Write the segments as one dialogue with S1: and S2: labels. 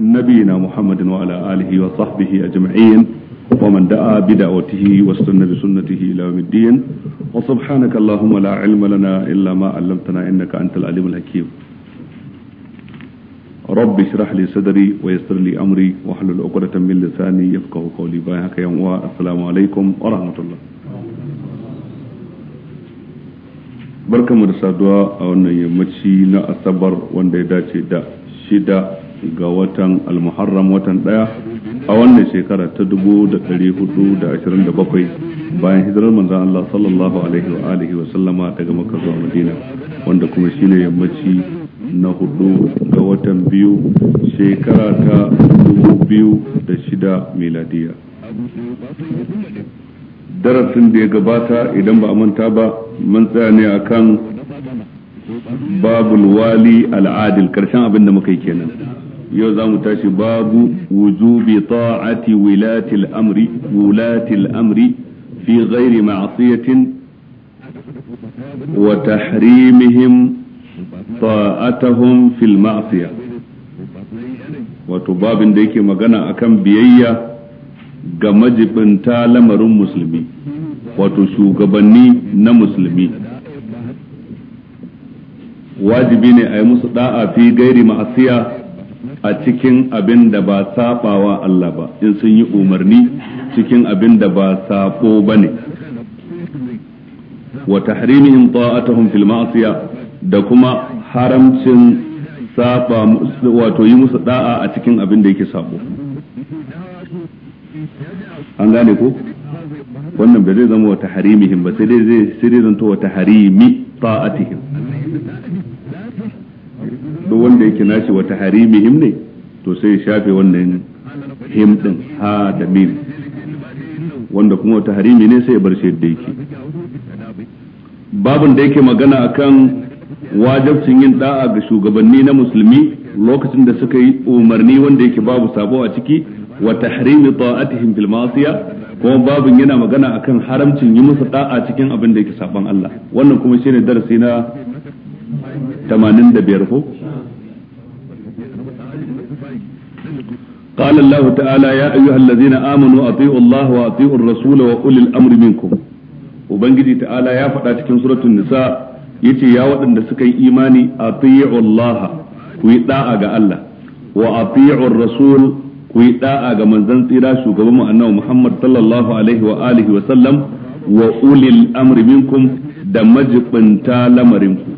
S1: نبينا محمد وعلى آله وصحبه أجمعين ومن دعا بدعوته واستنى بسنته إلى يوم الدين وسبحانك اللهم لا علم لنا إلا ما علمتنا إنك أنت العليم الحكيم رب اشرح لي صدري ويسر لي أمري واحلل عقدة من لساني يفقه قولي بايعك يوم السلام عليكم ورحمة الله barkanmu da saduwa a wannan yammaci na asabar wanda ya dace da shida ga watan almuharram watan daya a wannan shekara ta 1427 bayan hijirar manzan Allah sallallahu alaihi wa alihi wa sallama daga Makka zuwa Madina wanda kuma shine yammaci na hudu ga watan biyu shekara ta 2006 miladiya darasin da ya gabata idan ba a manta ba mun tsaya ne akan babul wali al'adil karshen abin da muka yi kenan yau za mu tashi babu wujubi ta'ati wilatil amri wulatil amri fi ghairi ma'siyatin wa tahrimihim ta'atuhum fil ma'siya wato babin da yake magana akan biyayya ga majibinta lamarin musulmi wato shugabanni na musulmi wajibi ne a yi musu da'a fi gairi ma'asiya a cikin abin da ba sabawa Allah ba in sun yi umarni cikin abin da ba sabo bane wa tahrimihim ta'atuhum fil ma'siyah da kuma haramcin saba wato yi musu da'a a cikin abin da yake sabo an gane ko wannan bai zai zama wa tahrimihim ba sai dai zai sirrin to wa tahrimi ta'atuhum duk wanda yake nashi wata harimihim ne to sai ya shafe wannan him din ha da mim wanda kuma wata harimi ne sai ya bar shi yadda yake babin da yake magana akan wajabcin yin da'a ga shugabanni na musulmi lokacin da suka yi umarni wanda yake babu sabo a ciki wa tahrimi ta'atihim fil ma'siya kuma babin yana magana akan haramcin yi musu da'a cikin abin da yake saban Allah wannan kuma shine darasi na
S2: 85
S1: ko قال الله تعالى يا أيها الذين آمنوا أطيعوا الله وأطيعوا الرسول وأولي الأمر منكم وبنجدي تعالى يا فتاة cikin سورة النساء yace ya waɗanda suka yi imani a Allah ku yi da'a ga Allah wa a rasul ku yi da'a ga manzan tsira shugaban mu annabi Muhammad sallallahu alaihi wa alihi wa sallam wa ulil amri minkum lamarinku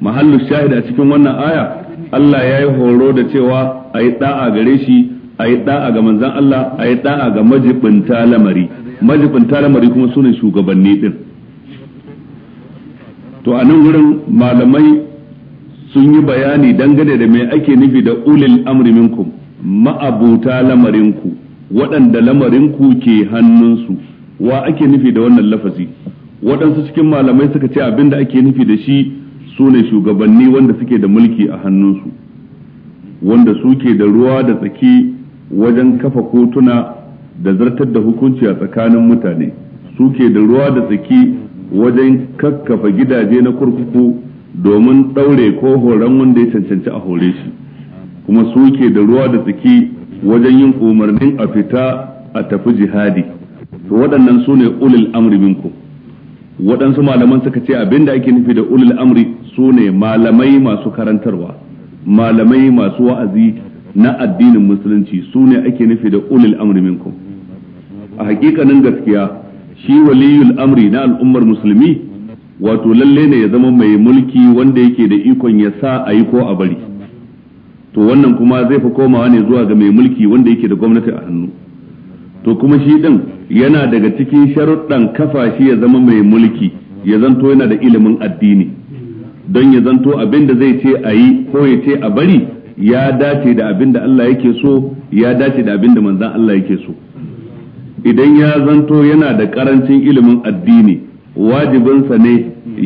S1: mahallu shahid a cikin wannan aya Allah ya yi horo da cewa a yi ɗa'a gare shi a yi ɗa'a ga manzan Allah a yi ɗa'a ga majibinta lamari majibinta lamari kuma sunan shugabanni din to a nan wurin malamai sun yi bayani dangane da me ake nufi da ulil amri minkum ma'abuta lamarinku waɗanda lamarinku ke hannunsu wa ake nufi da wannan lafazi waɗansu cikin malamai suka ce abin abinda ake nufi da shi su ne shugabanni wanda suke da mulki a hannunsu wanda suke da ruwa da tsaki wajen kafa kotuna da zartar da hukunci a tsakanin mutane suke da ruwa da tsaki wajen kakkafa gidaje na kurkuku domin ɗaure ko horon wanda ya cancanci a hore shi kuma suke da ruwa da tsaki wajen yin umarnin a fita a tafi jihadi to waɗannan su ne ulil amri minku waɗansu malaman suka ce abinda ake nufi da ulil amri su ne malamai masu karantarwa malamai masu wa'azi na addinin musulunci su ne ake nufi da ulil amri minkum a hakikanin gaskiya shi waliyul amri na al'ummar musulmi wato lalle ne ya zama mai mulki wanda yake da ikon ya sa a yi ko a bari to wannan kuma zai fi komawa ne zuwa ga mai mulki wanda yake da gwamnati a hannu to kuma shi din yana daga cikin sharuɗan kafa shi ya zama mai mulki ya zanto yana da ilimin addini don ya zanto abin da zai ce a yi ko ya ce a bari ya dace da abin da Allah yake so ya dace da abin da manzan Allah yake so idan ya zanto yana da karancin ilimin addini wajibinsa ne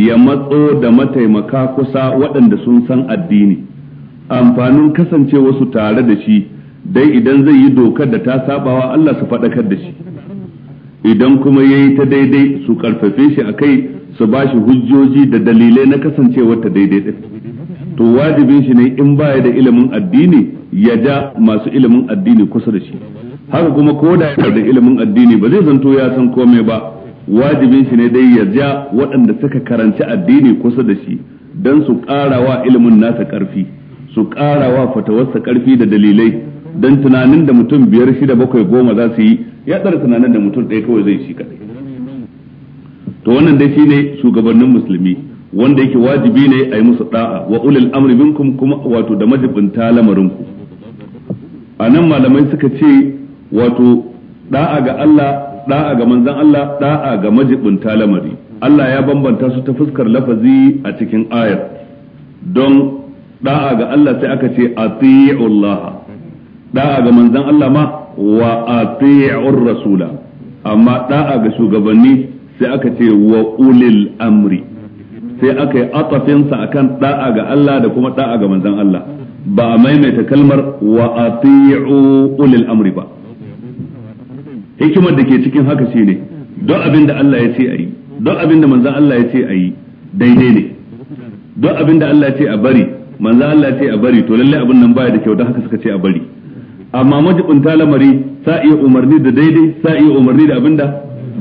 S1: ya matso da mataimaka kusa waɗanda sun san addini amfanin kasance wasu tare da shi dai idan zai yi dokar da ta sabawa Allah su faɗakar da shi idan kuma ya yi ta daidai su ƙarfafe shi a kai su ba shi hujjoji da dalilai na kasancewar ta daidai din to wajibin shi ne in baya da ilimin addini ya ja masu ilimin addini kusa da shi haka kuma ko da da ilimin addini ba zai zanto ya san komai ba wajibin shi ne dai ya ja waɗanda suka karanci addini kusa da shi don su wa ilimin nasa karfi su wa fatawarsa karfi da dalilai don tunanin da mutum biyar shida bakwai goma za su yi ya ɗara tunanin da mutum ɗaya kawai zai shi kaɗai to wannan dai shine shugabannin musulmi wanda yake wajibi ne a yi musu da'a wa ulil amri minkum kuma wato da majibinta lamarinku ku a nan malamai suka ce wato da'a ga Allah da'a ga manzon Allah da'a ga majibinta lamari Allah ya bambanta su ta fuskar lafazi a cikin ayar don da'a ga Allah sai aka ce ati'ullaha da'a ga manzon Allah ma wa ati'ur rasula amma da'a ga shugabanni sai aka ce wa ulil amri sai aka yi atafinsa kan da'a ga Allah da kuma da'a ga manzan Allah ba a maimaita kalmar wa ati'u ulil amri ba hikimar da ke cikin haka ne don abin da Allah ya ce a yi don abin da manzan Allah ya ce a yi daidai ne don abin da Allah ya ce a bari manzan Allah ya ce a bari to lalle abin nan baya da kyau don haka suka ce a bari amma majibin lamari sa iya umarni da daidai sa iya umarni da abin da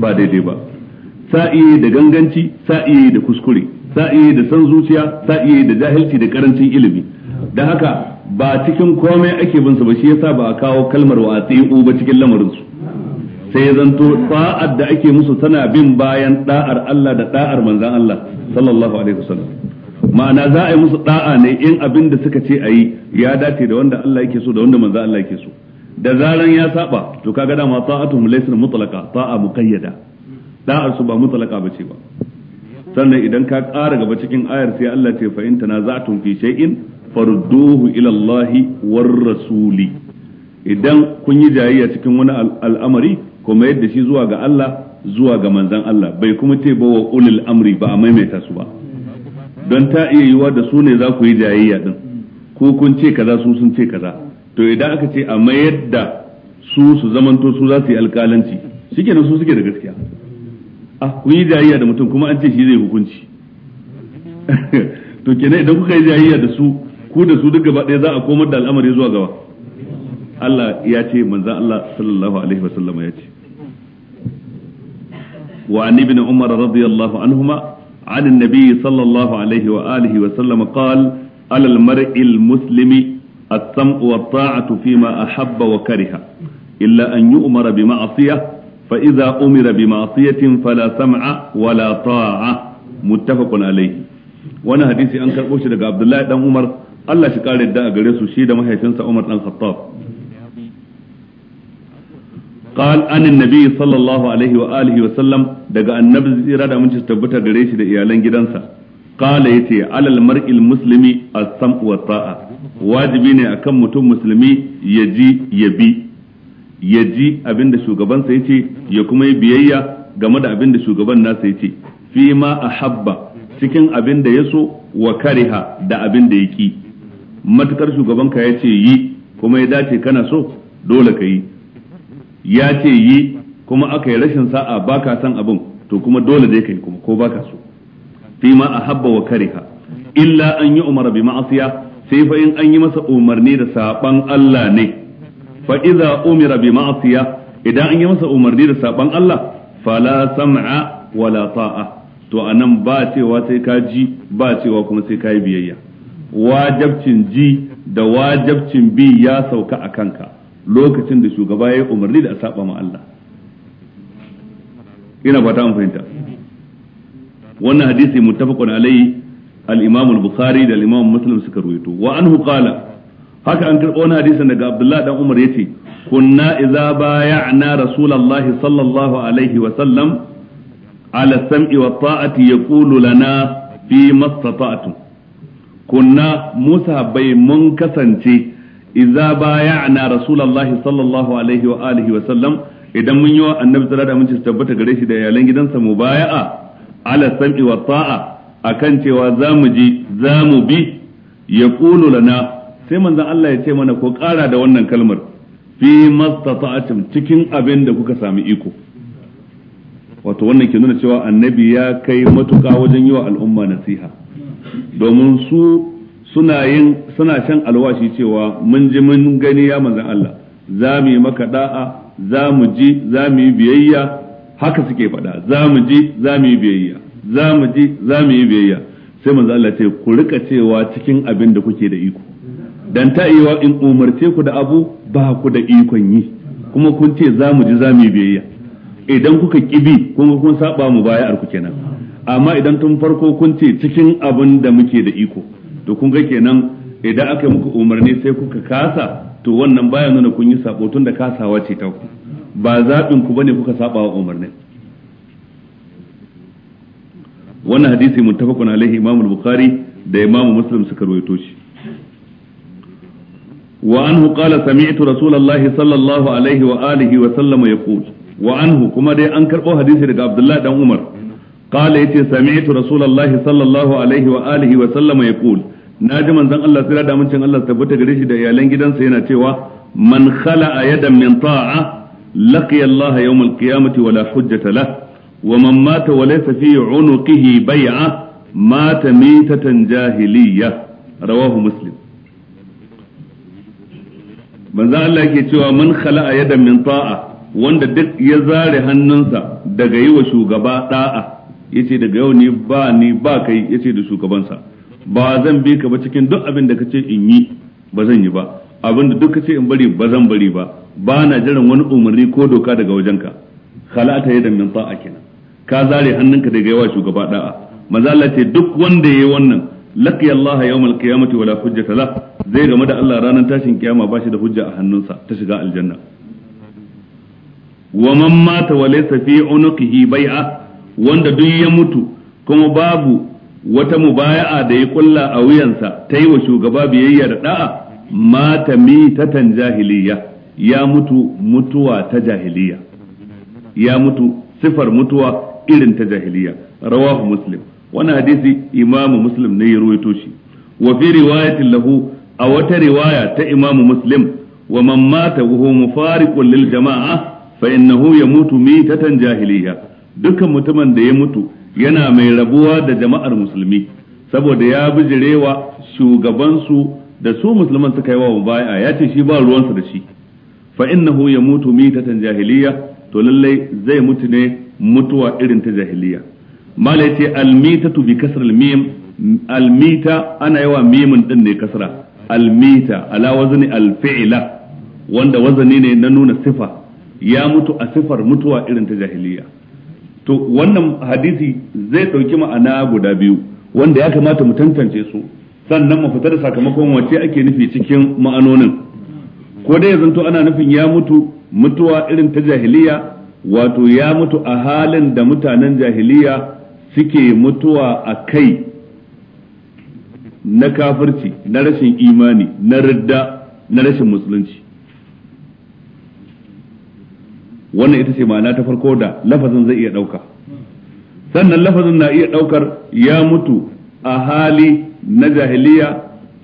S1: ba daidai ba sai da ganganci sai da kuskure sa da san zuciya sa da jahilci da karancin ilimi da haka ba cikin komai ake bin su ba shi yasa ba a kawo kalmar wa ati'u ba cikin lamarin su sai zanto sa'ad da ake musu tana bin bayan da'ar Allah da da'ar manzon Allah sallallahu alaihi wasallam ma'ana za a yi musu da'a ne in abin da suka ce a yi ya dace da wanda Allah yake so da wanda manzon Allah yake so da zaran ya saba to kaga ma ta'atuhum laysa mutlaqa ta'a muqayyada da'ar su ba ba ce ba sannan idan ka kara gaba cikin ayar sai Allah ce fa in za fi shay'in farudduhu ila ilallahi war rasuli idan kun yi jayayya cikin wani al'amari kuma yadda shi zuwa ga Allah zuwa ga manzon Allah bai kuma ce ba wa ulil amri ba a maimaita su ba don ta iya yiwa da su ne za ku yi jayayya din ko kun ce kaza su sun ce kaza to idan aka ce a mayar da su su zamanto su za su yi alƙalanci shikenan su suke da gaskiya ah kun yi jayayya da mutum kuma an ce shi zai hukunci to kenan idan kuka yi jayayya da su ku da su duk gaba ɗaya za a komar da al'amari zuwa gaba Allah ya ce manzan Allah sallallahu alaihi wasallam ya ce wa an ibn umar radiyallahu anhuma عن النبي صلى الله عليه وآله وسلم قال على المرء المسلم السمع والطاعة فيما أحب وكره إلا أن يؤمر بمعصية fa idza umira bi ma'siyatin fala sam'a wala ta'a muttafaqun alayhi wannan hadisi an karbo shi daga Abdullahi dan Umar Allah shi kare yadda a gare su shi da mahaifinsa Umar dan Khattab قال عن النبي صلى الله عليه وآله وسلم دقى النبي إرادة من تستبتها قريش دقى جدنسا قال يتي على المرء المسلم السمع والطاعة واجبين أكم متم مسلمي يجي يبي ya ji abin da shugabansa ya ce ya kuma yi biyayya game da abin da shugaban nasa ya ce fi ma a habba cikin abin da ya so wa kariha da abin da ya ki matukar shugabanka ya ce yi kuma ya dace kana so dole ka yi ya ce yi kuma aka yi rashin sa'a baka san abin to kuma dole dai kai kuma ko baka so fi ma a habba wa kariha illa an yi umara bi ma'asiya sai fa in an yi masa umarni da saban Allah ne fa idza umira bi ma'siya idan an yi masa umarni da saban Allah fala sam'a wala ta'a to anan ba cewa sai ka ji ba cewa kuma sai ka yi biyayya wajabcin ji da wajabcin bi ya sauka a kanka lokacin da shugaba ya yi umarni da a saba ma Allah ina fata an fahimta wannan hadisi muttafaqun alayhi al-imam al-bukhari da al-imam muslim suka ruwaito wa anhu qala haka an karɓo wani hadisin daga Abdullahi dan Umar yace kunna idza bay'na rasulullahi sallallahu alaihi wa sallam ala sam'i wa ta'ati yaqulu lana fi mastata'tum kunna musa bai mun kasance idza bay'na rasulullahi sallallahu alaihi wa alihi wa sallam idan mun yi wa annabi sallallahu alaihi wa sallam tabbata gare shi da iyalan gidansa mu mubaya'a ala sam'i wa ta'a akan cewa zamu ji zamu bi yaqulu lana sai manzan Allah ya ce mana ko ƙara da wannan kalmar fi mastata'atum cikin abin da kuka sami iko wato wannan ke nuna cewa annabi ya kai matuka wajen yi wa al'umma nasiha domin su suna yin suna shan alwashi cewa mun ji mun gani ya manzan Allah za mu yi maka da'a za mu ji za mu yi biyayya haka suke faɗa za mu ji za mu yi biyayya za mu ji za mu yi biyayya sai manzan Allah ce ku rika cewa cikin abin da kuke da iko dan ta iya in umarce ku da abu ba ku da ikon yi kuma kun ce za mu ji za mu biyayya idan kuka kibi kun kun saba mu baya ku kenan amma idan tun farko kun ce cikin abin da muke da iko to kun ga kenan idan aka muku umarni sai kuka kasa to wannan baya nuna kun yi sabo tun da kasawa ce ta ku ba zaɓin ku bane kuka saba wa umarni wannan hadisi muttafaqun alaihi imamul bukhari da imamu muslim suka rawaito shi وعنه قال سمعت رسول الله صلى الله عليه وآله وسلم يقول وعنه كما دي أنكر أو حديث عبد الله بن عمر قال يتي سمعت رسول الله صلى الله عليه وآله وسلم يقول ناجم من الله سيرا دامن شن الله تبوت غريش دا يالين جدا سينا تيوا من خلع يدا من طاعة لقي الله يوم القيامة ولا حجة له ومن مات وليس في عنقه بيعة مات ميتة جاهلية رواه مسلم manzo Allah yake cewa man khala yadan min ta'a wanda duk ya zare hannunsa daga yi wa shugaba da'a yace daga yau ni ba ni ba kai yace da shugabansa ba zan bi ka ba cikin duk abin da kace in yi ba zan yi ba abin da duk kace in bari ba zan bari ba ba na jiran wani umarni ko doka daga wajenka ta yadan min ta'a kenan ka zare hannunka daga yawa shugaba da'a manzo Allah ce duk wanda yayi wannan laqiya Allah yawmal qiyamati wala hujja la zai game da Allah ranar tashin kiyama bashi da hujja a hannunsa ta shiga aljanna wa man mata wa laysa fi unuqihi bai'a wanda duk ya mutu kuma babu wata mubaya'a da ya kulla a wuyansa ta yi wa shugaba biyayya da da'a mata mitatan jahiliya ya mutu mutuwa ta jahiliya ya mutu sifar mutuwa irin ta jahiliya rawahu muslim wannan hadisi imamu muslim ne ya ruwaito shi wa fi riwayatin lahu a wata riwaya ta imamu muslim wa man mata wa huwa mufariqun lil jama'a fa innahu yamutu mitatan jahiliya dukkan mutumin da ya mutu yana mai rabuwa da jama'ar musulmi saboda ya bijirewa shugabansu da su musulman suka yi wa mubaya ya ce shi ba ruwansa da shi fa innahu yamutu mitatan jahiliya to lallai zai mutu ne mutuwa irin ta jahiliya mala yace tu bi kasr almim almita ana yawa mimin din ne kasra almita ala wazni alfi'la wanda wazani ne na nuna sifa ya mutu a sifar mutuwa irin ta jahiliya to wannan hadisi zai dauki ma'ana guda biyu wanda ya kamata mu tantance su sannan mu fita da sakamakon wace ake nufi cikin ma'anonin ko dai zanto ana nufin ya mutu mutuwa irin ta jahiliya wato ya mutu a halin da mutanen jahiliya suke mutuwa a kai na kafirci na rashin imani na ridda na rashin musulunci wannan ita ce ma'ana ta farko da lafazin zai iya ɗauka sannan lafazin na iya ɗaukar ya mutu a hali na jahiliya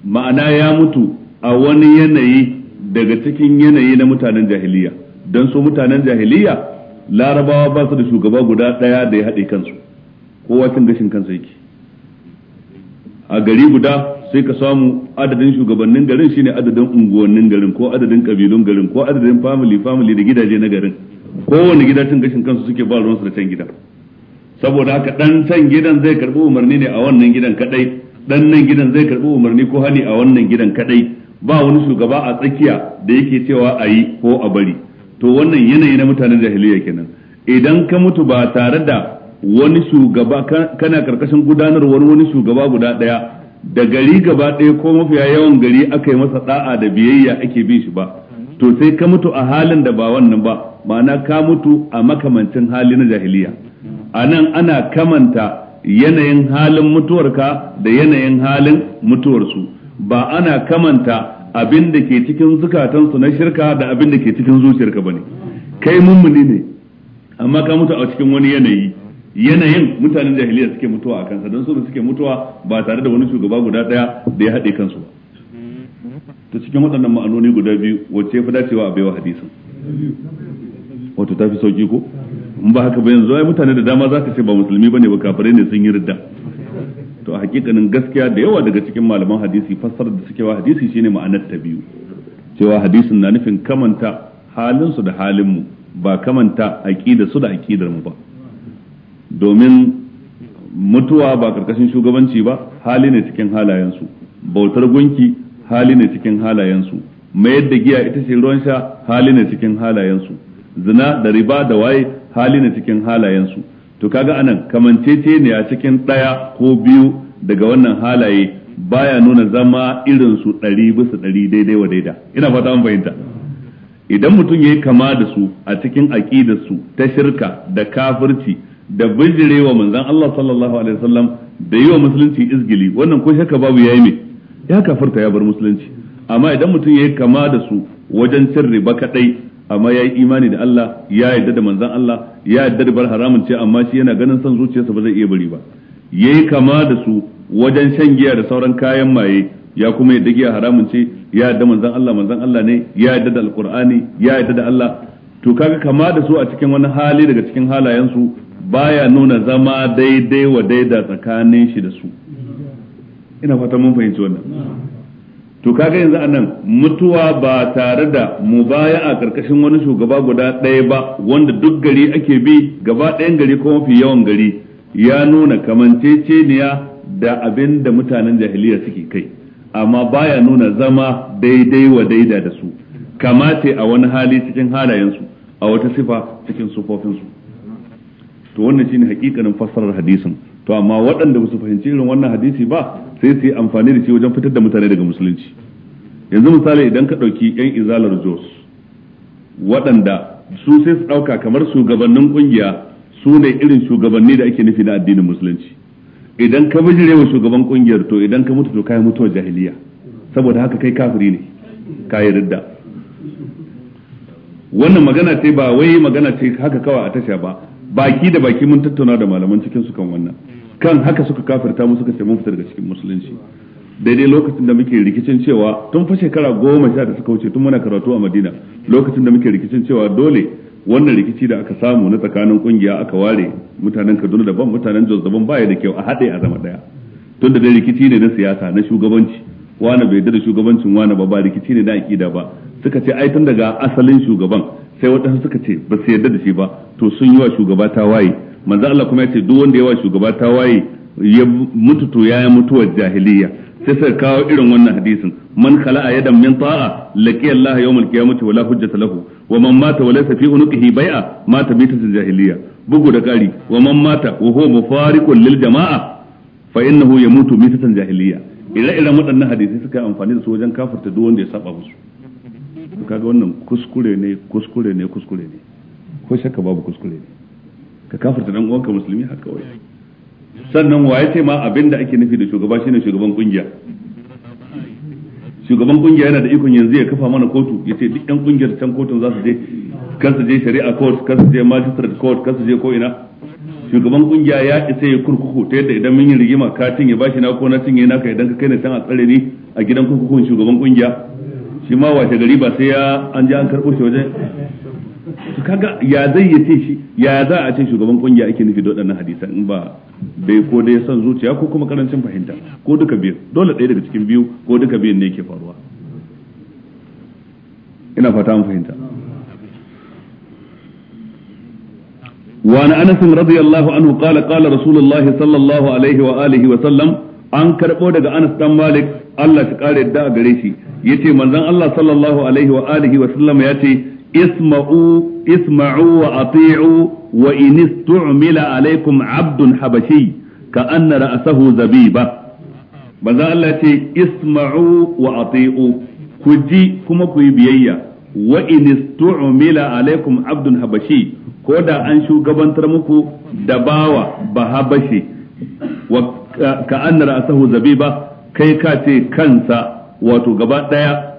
S1: ma'ana ya mutu a wani yanayi daga cikin yanayi na mutanen jahiliya don su mutanen jahiliya larabawa ba su da shugaba guda ɗaya da ya haɗe kansu kowa cin gashin kansa yake a gari guda sai ka samu adadin shugabannin garin shine adadin unguwannin garin ko adadin kabilun garin ko adadin family family da gidaje na garin kowane gida cin gashin kansu suke ba ruwansu da can gida saboda haka dan can gidan zai karbi umarni ne a wannan gidan kadai dan nan gidan zai karbi umarni ko hani a wannan gidan kadai ba wani shugaba a tsakiya da yake cewa a yi ko a bari to wannan yanayi na mutanen jahiliya kenan idan ka mutu ba tare da wani shugaba kana karkashin gudanarwar wani shugaba guda ɗaya da gari gaba ɗaya ko mafiya yawan gari aka yi masa da'a da biyayya ake bin shi ba to sai ka mutu a halin da ba wannan ba ma'ana ka mutu a makamancin hali na jahiliya a nan ana kamanta yanayin halin mutuwarka da yanayin halin mutuwarsu ba ana kamanta abin da ke cikin zukatansu na shirka da abin da ke cikin zuciyarka ba ne kai mummuni ne amma ka mutu a cikin wani yanayi yanayin mutanen jahiliya suke mutuwa a kansa don su suke mutuwa ba tare da wani shugaba guda daya da ya haɗe kansu ba to cikin waɗannan ma'anoni guda biyu wacce ya fi dacewa a baiwa hadisin wato ta fi sauki ko in ba haka ba yanzu ai mutane da dama za ka ce ba musulmi bane ba kafirai ne sun yi ridda to a hakikanin gaskiya da yawa daga cikin malaman hadisi fassarar da suke wa hadisi shine ma'anar ta biyu cewa hadisin na nufin kamanta halinsu da halinmu ba kamanta aƙidarsu su da aƙidarmu mu ba domin mutuwa ba karkashin shugabanci ba hali ne cikin halayensu bautar gunki hali ne cikin halayensu mayar da giya ita ce ruwan sha hali ne cikin halayensu zina da riba da waye hali ne cikin halayensu to kaga anan kamancece ne a cikin ɗaya ko biyu daga wannan halaye baya nuna zama irin su ɗari bisa ɗari daidai wa daida ina fata an fahimta idan mutum ya yi kama da su a cikin aƙidarsu ta shirka da kafirci da bijirewa manzan Allah sallallahu alaihi wasallam da yi wa musulunci izgili wannan ko shakka babu yayi me ya kafirta ya bar musulunci amma idan mutum yayi kama da su wajen cin riba kadai amma yayi imani da Allah ya yarda da manzan Allah ya yarda da bar haramun ce amma shi yana ganin son zuciyarsa ba zai iya bari ba yayi kama da su wajen shan giya da sauran kayan maye ya kuma yarda giya haramun ce ya yarda manzan Allah manzan Allah ne ya yarda da alqur'ani ya yarda da Allah to kaga kama da su a cikin wani hali daga cikin su. baya nuna zama daidai wa daida tsakanin shi da su ina fata mun fahimci wannan to kaga yanzu anan mutuwa ba tare da mu baya a karkashin wani shugaba guda ɗaya ba wanda duk gari ake bi gaba ɗayan gari ko mafi yawan gari ya nuna kamanceceniya da abin da mutanen jahiliya suke kai amma baya nuna zama daidai wa daida da su kamace a wani hali cikin halayensu a wata sifa cikin sufofinsu to wannan shine hakikanin fassarar hadisin to amma waɗanda ba su fahimci irin wannan hadisi ba sai su yi amfani da shi wajen fitar da mutane daga musulunci yanzu misali idan ka ɗauki 'yan izalar jos waɗanda su sai su ɗauka kamar shugabannin ƙungiya su ne irin shugabanni da ake nufi na addinin musulunci idan ka bijire wa shugaban ƙungiyar to idan ka mutu to kai mutuwar jahiliya saboda haka kai kafiri ne ka yi ridda wannan magana ce ba wai magana ce haka kawai a tasha ba baki da baki mun tattauna da malaman cikin su kan wannan kan haka suka kafirta mu suka ce mun fita daga cikin musulunci daidai lokacin da muke rikicin cewa tun fa shekara goma sha da suka wuce tun muna karatu a madina lokacin da muke rikicin cewa dole wannan rikici da aka samu na tsakanin kungiya aka ware mutanen kaduna daban mutanen jos daban baya da kyau a haɗe a zama ɗaya tun da dai rikici ne na siyasa na shugabanci wani bai da shugabancin wani ba ba rikici ne na aƙida ba suka ce ai tun daga asalin shugaban sai waɗansu suka ce ba su yarda da shi ba to sun yi wa shugaba ta waye manzo Allah kuma ya ce duk wanda ya wa shugaba ta waye ya mutu to ya mutuwar jahiliya sai suka kawo irin wannan hadisin man khala'a yadan min ta'a laqiya Allah yawmal qiyamati wala hujjata lahu wa man mata wa fi unuqihi bai'a mata bi jahiliya bugu da kari wa man mata wa huwa mufariqun lil jama'a fa innahu yamutu bi jahiliya ire-iren waɗannan hadisai suka amfani da su wajen kafirta duk wanda ya saba musu to kaga wannan kuskure ne kuskure ne kuskure ne ko shakka babu kuskure ne ka kafirta dan uwanka musulmi haka kawai sannan wa ya ce ma da ake nufi da shugaba shine shugaban kungiya shugaban kungiya yana da ikon yanzu ya kafa mana kotu ya ce duk yan kungiyar can kotun za su je kan su je shari'a court kan su je magistrate court kan su je ko ina shugaban kungiya ya isa ya kurkuku ta yadda idan mun yi rigima ka cinye bashi na ko na cinye naka idan ka kai ne can a tsare ni a gidan kurkukun shugaban kungiya shi ma washe gari ba sai ya an ji an karɓo shi wajen su kaga ya zai ya ce shi ya za a ce shugaban kungiya ake nufi da waɗannan hadisa in ba bai ko dai son zuciya ko kuma karancin fahimta ko duka biyu dole ɗaya daga cikin biyu ko duka biyun ne ke faruwa ina fata mun fahimta wani انس radiyallahu anhu kala kala قال رسول الله صلى الله عليه واله an karbo daga Anas dan Malik Allah ta kare yadda a gare shi yace manzan Allah sallallahu alaihi wa alihi wa sallama yace isma'u isma'u wa ati'u wa in istu'mila alaikum 'abdun habashi ka anna ra'asahu zabiba manzan Allah ce isma'u wa ati'u ku ji kuma ku yi biyayya wa in istu'mila alaikum 'abdun habashi ko da an shugabantar muku da bawa ba habashi wa ka anna zabi zabiba kai ka ce kansa wato gaba daya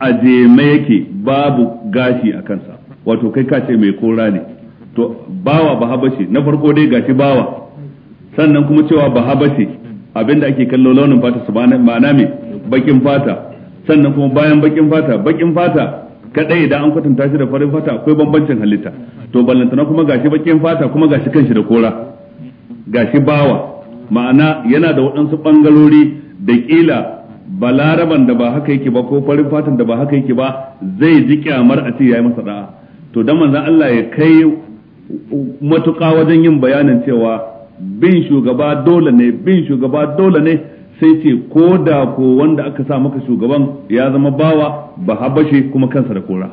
S1: a jeme yake babu gashi a kansa wato kai ka ce mai kora ne to bawa ba habashe na farko dai gashi bawa sannan kuma cewa ba habashe abinda ake kallo launin fata su ma'ana mai bakin fata sannan kuma bayan bakin fata bakin fata kadai idan an kwatanta shi da farin fata akwai bambancin halitta to ballantana kuma gashi bakin fata kuma gashi kanshi da kora gashi bawa ma'ana yana da waɗansu ɓangarori da kila balaraban da ba haka yake ba ko farin fatan da ba haka yake ba zai ji kyamar a ce yayi masa da'a to dan manzon Allah ya kai matuƙa wajen yin bayanin cewa bin shugaba dole ne bin shugaba dole ne sai ce ko da ko wanda aka sa maka shugaban ya zama bawa ba habashe kuma kansa da kora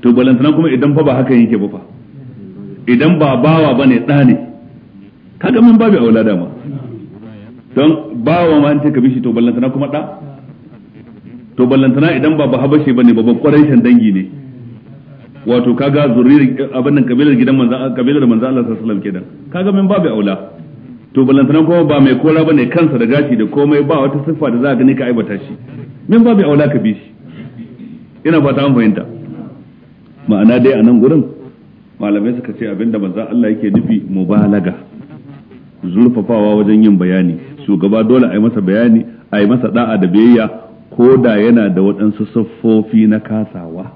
S1: to balantana kuma idan fa ba haka yake ba fa idan ba bawa bane da ne kaga mun babu aula dama don wa ma in ce ka bishi to ballantana kuma da to ballantana idan ba ba habashe bane ba ban shan dangi ne wato kaga zuriyar abin nan kabilar gidan manzo kabilar manzo Allah sallallahu alaihi wasallam kenan kaga min babu aula to ballantana kuma ba mai kora bane kansa da gashi da komai ba wata siffa da za ka gani ka aibata shi min babu aula ka bi shi ina fata an fahimta ma'ana dai a nan gurin malamai suka ce abinda manzo Allah yake nufi mubalaga zurfafawa wajen yin bayani shugaba dole a yi masa bayani a yi masa da'a da biyayya ko da yana da waɗansu siffofi na kasawa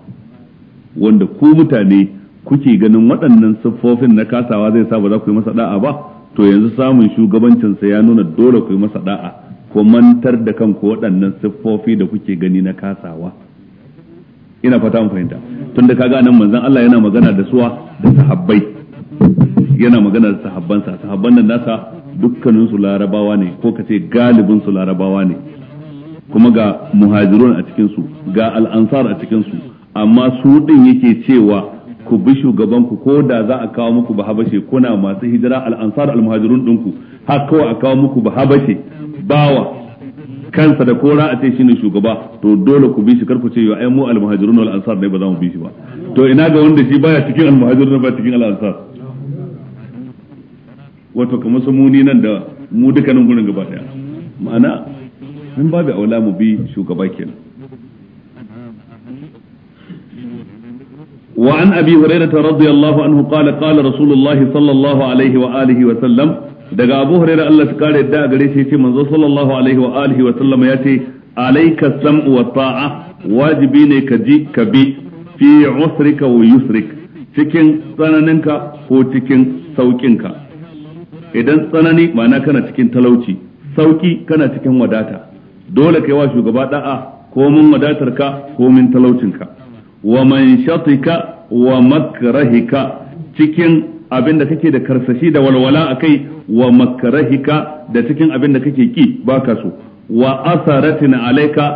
S1: wanda ku mutane kuke ganin waɗannan siffofin na kasawa zai sa ba za ku yi masa da'a ba to yanzu samun shugabancinsa ya nuna dole ku yi masa da'a ko mantar da kanku waɗannan siffofi da kuke gani na kasawa ina fata mu fahimta tun da kaga nan manzon Allah yana magana da suwa da sahabbai yana magana da sahabbansa sahabban nan nasa dukkanin su larabawa ne ko kace galibin su larabawa ne kuma ga muhajirun a cikin su ga al'ansar a cikin su amma su din yake cewa ku bi shugaban ku ko da za a kawo muku ba kuna masu hijira al'ansar al-muhajirun dinku har kawai a kawo muku ba bawa kansa da kora a ce shine shugaba to dole ku bi shi kar ku ce yo ai mu al-muhajirun wal ansar ne ba za mu bi shi ba to ina ga wanda shi baya cikin al-muhajirun ba cikin al-ansar wato kamar su muni nan da mu dukkanin gurin gaba daya ma'ana mun babu aula mu bi shugaba kenan وعن أبي هريرة رضي الله anhu قال قال رسول sallallahu alaihi wa عليه wa sallam daga abu hurairah Allah ta kare da gare shi ce manzo sallallahu alaihi wa alihi wa sallama ya ce alayka sam'u wa ta'a wajibi ne ka ji ka bi fi usrika wa yusrik cikin tsananinka ko cikin saukinka idan tsanani ma'ana kana cikin talauci sauki kana cikin wadata dole kai wa shugaba da'a ko mun wadatar ka ko min ka wa man shatika wa makrahika cikin abin da kake da karsashi da walwala akai wa makrahika da cikin abin da kake ki baka so wa asaratin alaika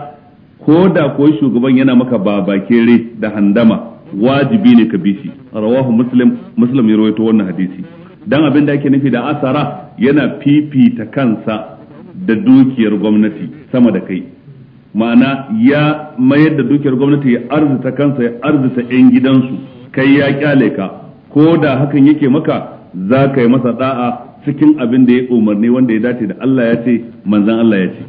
S1: ko da ko shugaban yana maka babakere da handama wajibi ne ka bishi rawahu muslim muslim ya rawaito wannan hadisi dan abin da ake nufi da asara yana fifita kansa da dukiyar gwamnati sama da kai ma'ana ya mayar da dukiyar gwamnati ya arzuta kansa ya arzuta 'yan gidansu kai ya kyale ka ko da hakan yake maka za ka yi masa da'a cikin abin da ya umarni wanda ya dace da Allah ya ce manzan Allah ya ce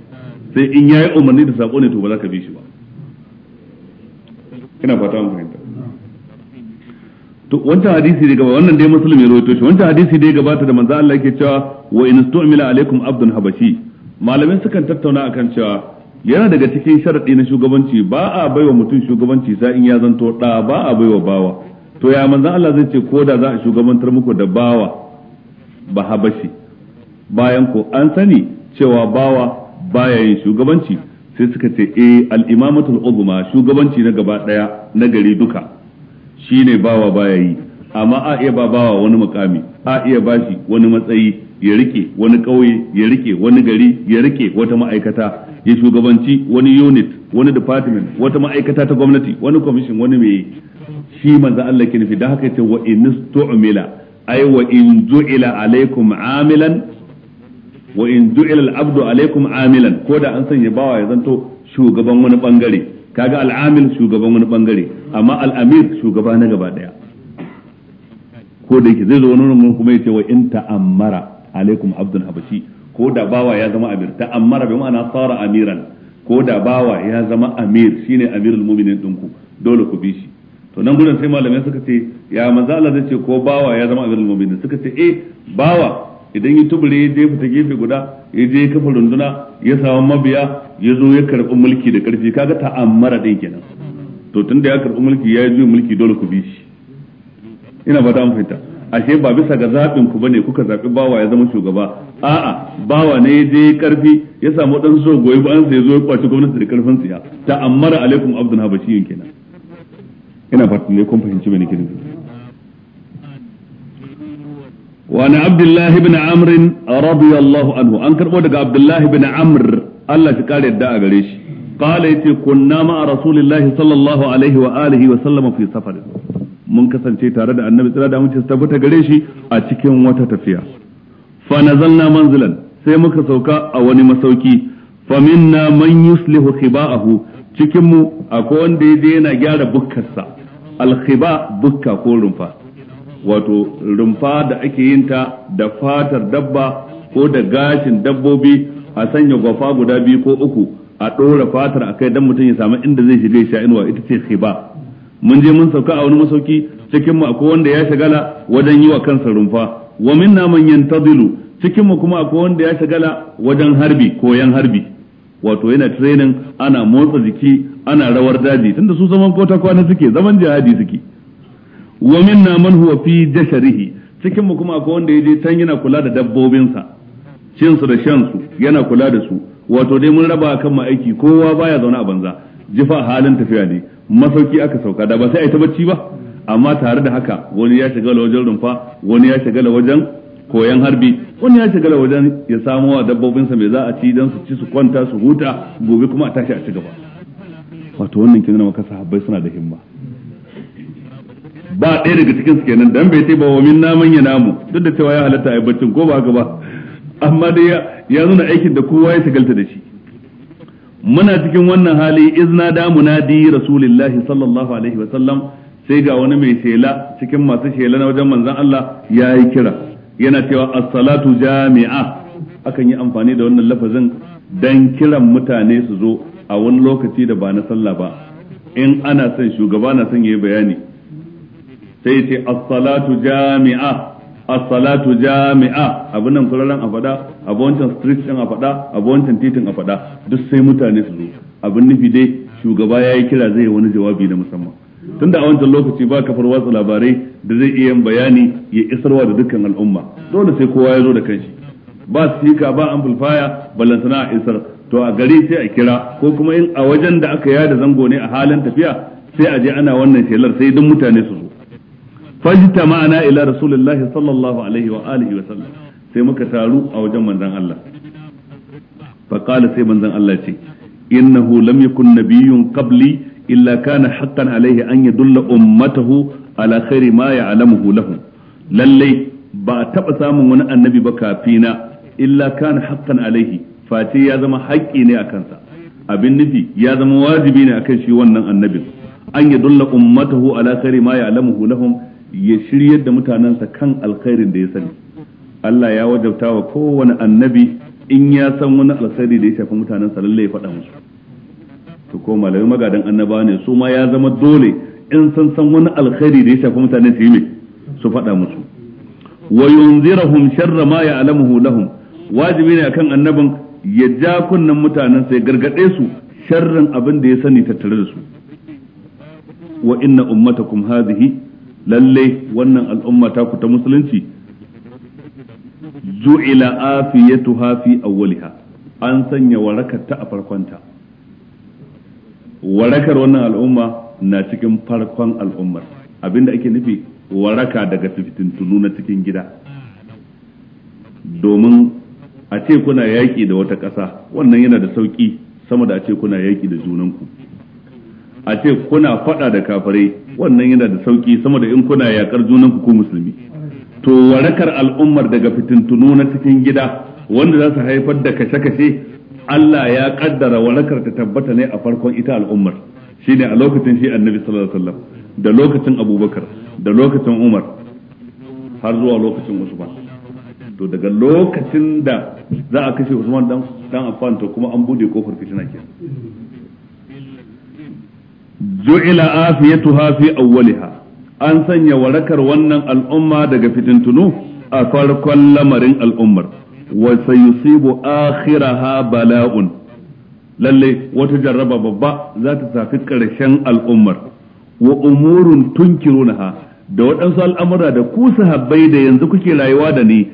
S1: sai in ya yi umarni da sako ne to ba za ka bi shi ba ina fata mun fahimta to wancan hadisi da gaba wannan dai musulmi ya rawaito shi wancan hadisi da ya gabata da manzo Allah yake cewa wa in istu'mila alaikum abdun habashi malamin sukan tattauna akan cewa yana daga cikin sharadi na shugabanci ba a baiwa mutum shugabanci sai in ya zanto da ba a baiwa bawa to ya manzo Allah zai ce ko da za a shugabantar muku da bawa ba habashi bayan ko an sani cewa bawa baya yin shugabanci sai suka ce eh al-imamatul uzma shugabanci na gaba daya na gari duka shine bawa baya yi amma a iya ba bawa wani mukami a iya bashi wani matsayi ya rike wani ƙauye ya rike wani gari ya rike wata ma'aikata ya shugabanci wani unit wani department wata ma'aikata ta gwamnati wani commission wani mai shi manzo Allah ke nufi da haka ce wa in tu'mila ay wa in du'ila alaikum amilan wa in ju'ila al'abdu alaikum amilan ko da an sanya bawa ya zanto shugaban wani bangare kaga al'amil shugaban wani bangare amma al'amir shugaba na gaba daya ko da yake zai zo wani wurin kuma ya ce wa in ta'ammara alaikum abdul habashi ko da bawa ya zama amir ta'ammara bi ma'ana sara amiran ko da bawa ya zama amir shine amirul mu'minin dinku dole ku bi shi to nan gudan sai malamai suka ce ya manzo Allah zai ce ko bawa ya zama amirul mu'minin suka ce eh bawa idan ya tubule ya je fita gefe guda ya je kafa runduna ya samu mabiya ya zo ya karɓi mulki da ƙarfi kaga ta'ammara ɗin kenan to tun da ya karɓi mulki ya yi mulki dole ku bi shi ina fata an fahimta ashe ba bisa ga zaɓin ku bane kuka zaɓi bawa ya zama shugaba a'a bawa ne ya je karfi ya samu dan so goyi an sa ya zo ya kwaci gwamnati da karfin tsiya ta'ammara alaikum abdun yin kenan ina ta ne kun fahimci me nake nufi وعن عبد الله بن عمرو رضي الله عنه أنكر ودك عبد الله بن عمرو الله تقال يدعى قريش قال يتي كنا مع رسول الله صلى الله عليه وآله وسلم في سفر mun kasance tare da annabi tsira da mutum tabbata gare shi a cikin wata tafiya fa nazalna manzilan sai muka sauka a wani masauki fa minna man yuslihu khiba'ahu cikin mu akwai wanda yaje yana gyara bukkarsa al khiba bukka ko rumfa wato rumfa da ake yin ta da fatar dabba ko da gashin dabbobi a sanya gwafa guda biyu ko uku a ɗora fatar a kai don mutum ya samu inda zai shiga sha inuwa ita ce khiba mun je mun sauka a wani masauki cikin mu akwai wanda ya shagala wajen yi wa kansa rumfa wa minna man yantadilu cikin mu kuma akwai wanda ya shagala wajen harbi koyan harbi wato yana training ana motsa jiki ana rawar daji tunda su zaman kota kwana suke zaman jihadi suke wa minna man huwa fi jasharihi cikin mu kuma akwai wanda yaje tan yana kula da dabbobinsa cin su da shan su yana kula da su wato dai mun raba kan mu aiki kowa baya zauna a banza jifa halin tafiya ne masauki aka sauka da ba sai ai ta bacci ba amma tare da haka wani ya shagala wajen rumfa wani ya shagala wajen koyan harbi wani ya shagala wajen ya samo wa dabbobinsa mai za a ci dan su ci su kwanta su huta gobe kuma a tashi a ci gaba wato wannan kin nuna maka sahabbai suna da himma ba ɗaya daga cikin su kenan dan bai sai ba wa min naman ya namu duk da cewa ya halatta a baccin ko ba haka ba amma dai ya nuna aikin da kowa ya shagalta da shi muna cikin wannan hali izna da munadi rasulillahi sallallahu alaihi wasallam sai ga wani mai shela cikin masu shela na wajen manzon Allah ya yi kira yana cewa as-salatu jami'a akan yi amfani da wannan lafazin dan kiran mutane su zo a wani lokaci da ba na sallah ba in ana son shugaba na son yayi bayani sai ce as-salatu jami'a as-salatu jami'a abin nan kuraren a fada abu wancan street din a faɗa abu wancan titin a fada duk sai mutane su zo abin nufi dai shugaba yayi kira zai wani jawabi na musamman tunda a wancan lokaci ba kafar watsa labarai da zai iya yin bayani ya isarwa da dukkan al'umma dole sai kowa ya zo da kanshi ba sika ba amplifier ballantana a isar to a gari sai a kira ko kuma in a wajen da aka yada zango ne a halin tafiya sai a je ana wannan shelar sai duk mutane su zo fajita ma'ana ila rasulullahi sallallahu alaihi wa alihi wa sallam sai muka taru a wajen manzon Allah fa qala sai manzon Allah ce innahu lam yakun nabiyyun qabli illa kana haqqan alaihi an yadulla ummatahu ala khairi ma ya'lamuhu lahum lalle ba taba samun wani annabi ba kafina illa kana haqqan alaihi face ya zama haƙƙi ne a kansa abin nufi ya zama wajibi ne akan shi wannan annabin anya yadulla ummatahu ya shiryar da mutanensa kan alkhairin da ya sani Allah ya wajabta wa kowane annabi in ya san wani alkhairi da ya shafi mutanensa lalle ya faɗa musu to ko malamai magadan annabawa ne su ma ya zama dole in san san wani alkhairi da ya shafi mutanen su yi mai su faɗa musu wa yunzirahum sharra ma ya'lamuhu lahum wajibi ne akan annabin ya ja kunnan mutanensa ya gargade su sharrin abin da ya sani tattare da su wa inna ummatakum hadhihi lalle wannan al'umma ta ku ta musulunci ju'ila afiyatuha fi awwaliha an sanya warakar ta a farkonta warakar wannan al'umma na cikin farkon al'ummar abinda ake nufi waraka daga fitintunu na cikin gida domin a ce kuna yaƙi da wata ƙasa wannan yana da sauƙi sama da a ce kuna yaƙi da junanku a ce kuna faɗa da kafirai wannan yana da sauki sama da in kuna yakar junan ku ko musulmi to warakar al'ummar daga fitintunu na cikin gida wanda za su haifar da kashe-kashe Allah ya kaddara warakar ta tabbata ne a farkon ita al'ummar shine a lokacin shi annabi sallallahu alaihi wasallam da lokacin abubakar da lokacin umar har zuwa lokacin usman to daga lokacin da za a kashe usman dan dan afan kuma an bude kofar fitina
S2: kenan
S1: ju'ila afiyatuha fi awwaliha an sanya warakar wannan al'umma daga fitintunu a farkon lamarin al'ummar wa sayusibu akhiraha bala'un lalle wata jarraba babba za ta safi karshen al'ummar wa umurun tunkirunaha da waɗansu al'amura da ku sahabbai da yanzu kuke rayuwa da ni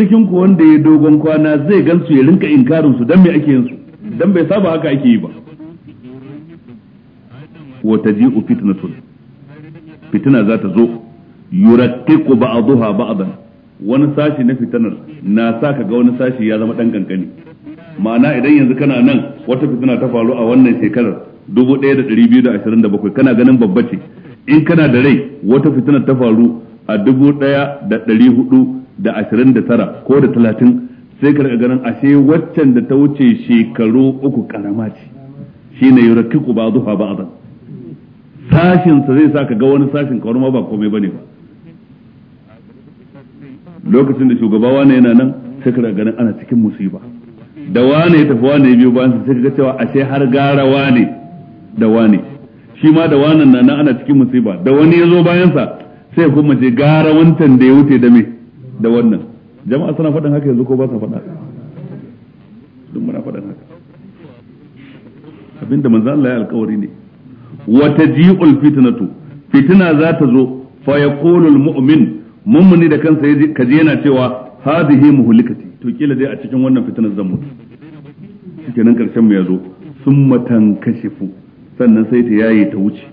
S1: cikin ku wanda ya dogon kwana zai gansu ya rinka inkarin su dan me ake yin su dan bai saba haka ake yi ba wa taji'u fitnatun fitna za ta zo yurattiqu ba'daha ba'dan wani sashi na fitanar na sa ka ga wani sashi ya zama dan kankani ma'ana idan yanzu kana nan wata fitina ta faru a wannan shekarar 1227 kana ganin babba ce in kana da rai wata fitina ta faru a 1429 ko da 30 sai ka ganin ashe waccan da ta wuce shekaru uku karama ce shine zuha ba'daha ba'dan sashin sa zai sa ka ga wani sashin kawar ma ba komai bane ba lokacin da shugaba wane yana nan sai ka ganin ana cikin musiba da wane ya tafi wane biyu ba sai ka ga cewa ashe har gara wane da wane shi ma da wanan nan ana cikin musiba da wani ya zo bayan sa sai kuma ce gara wancan da ya wuce da me da wannan jama'a suna faɗin haka yanzu ko ba sa faɗa duk muna faɗin haka abinda manzo Allah ya alƙawari ne wata ji'ul fitnatu fitina za ta zo fa yaqulu mu'min mummuni da kansa yaji kaje yana cewa hadhihi muhlikati to kila dai a cikin wannan fitinar zan mutu shikenan karshen mu ya yazo summa kashifu sannan sai ta yaye ta wuce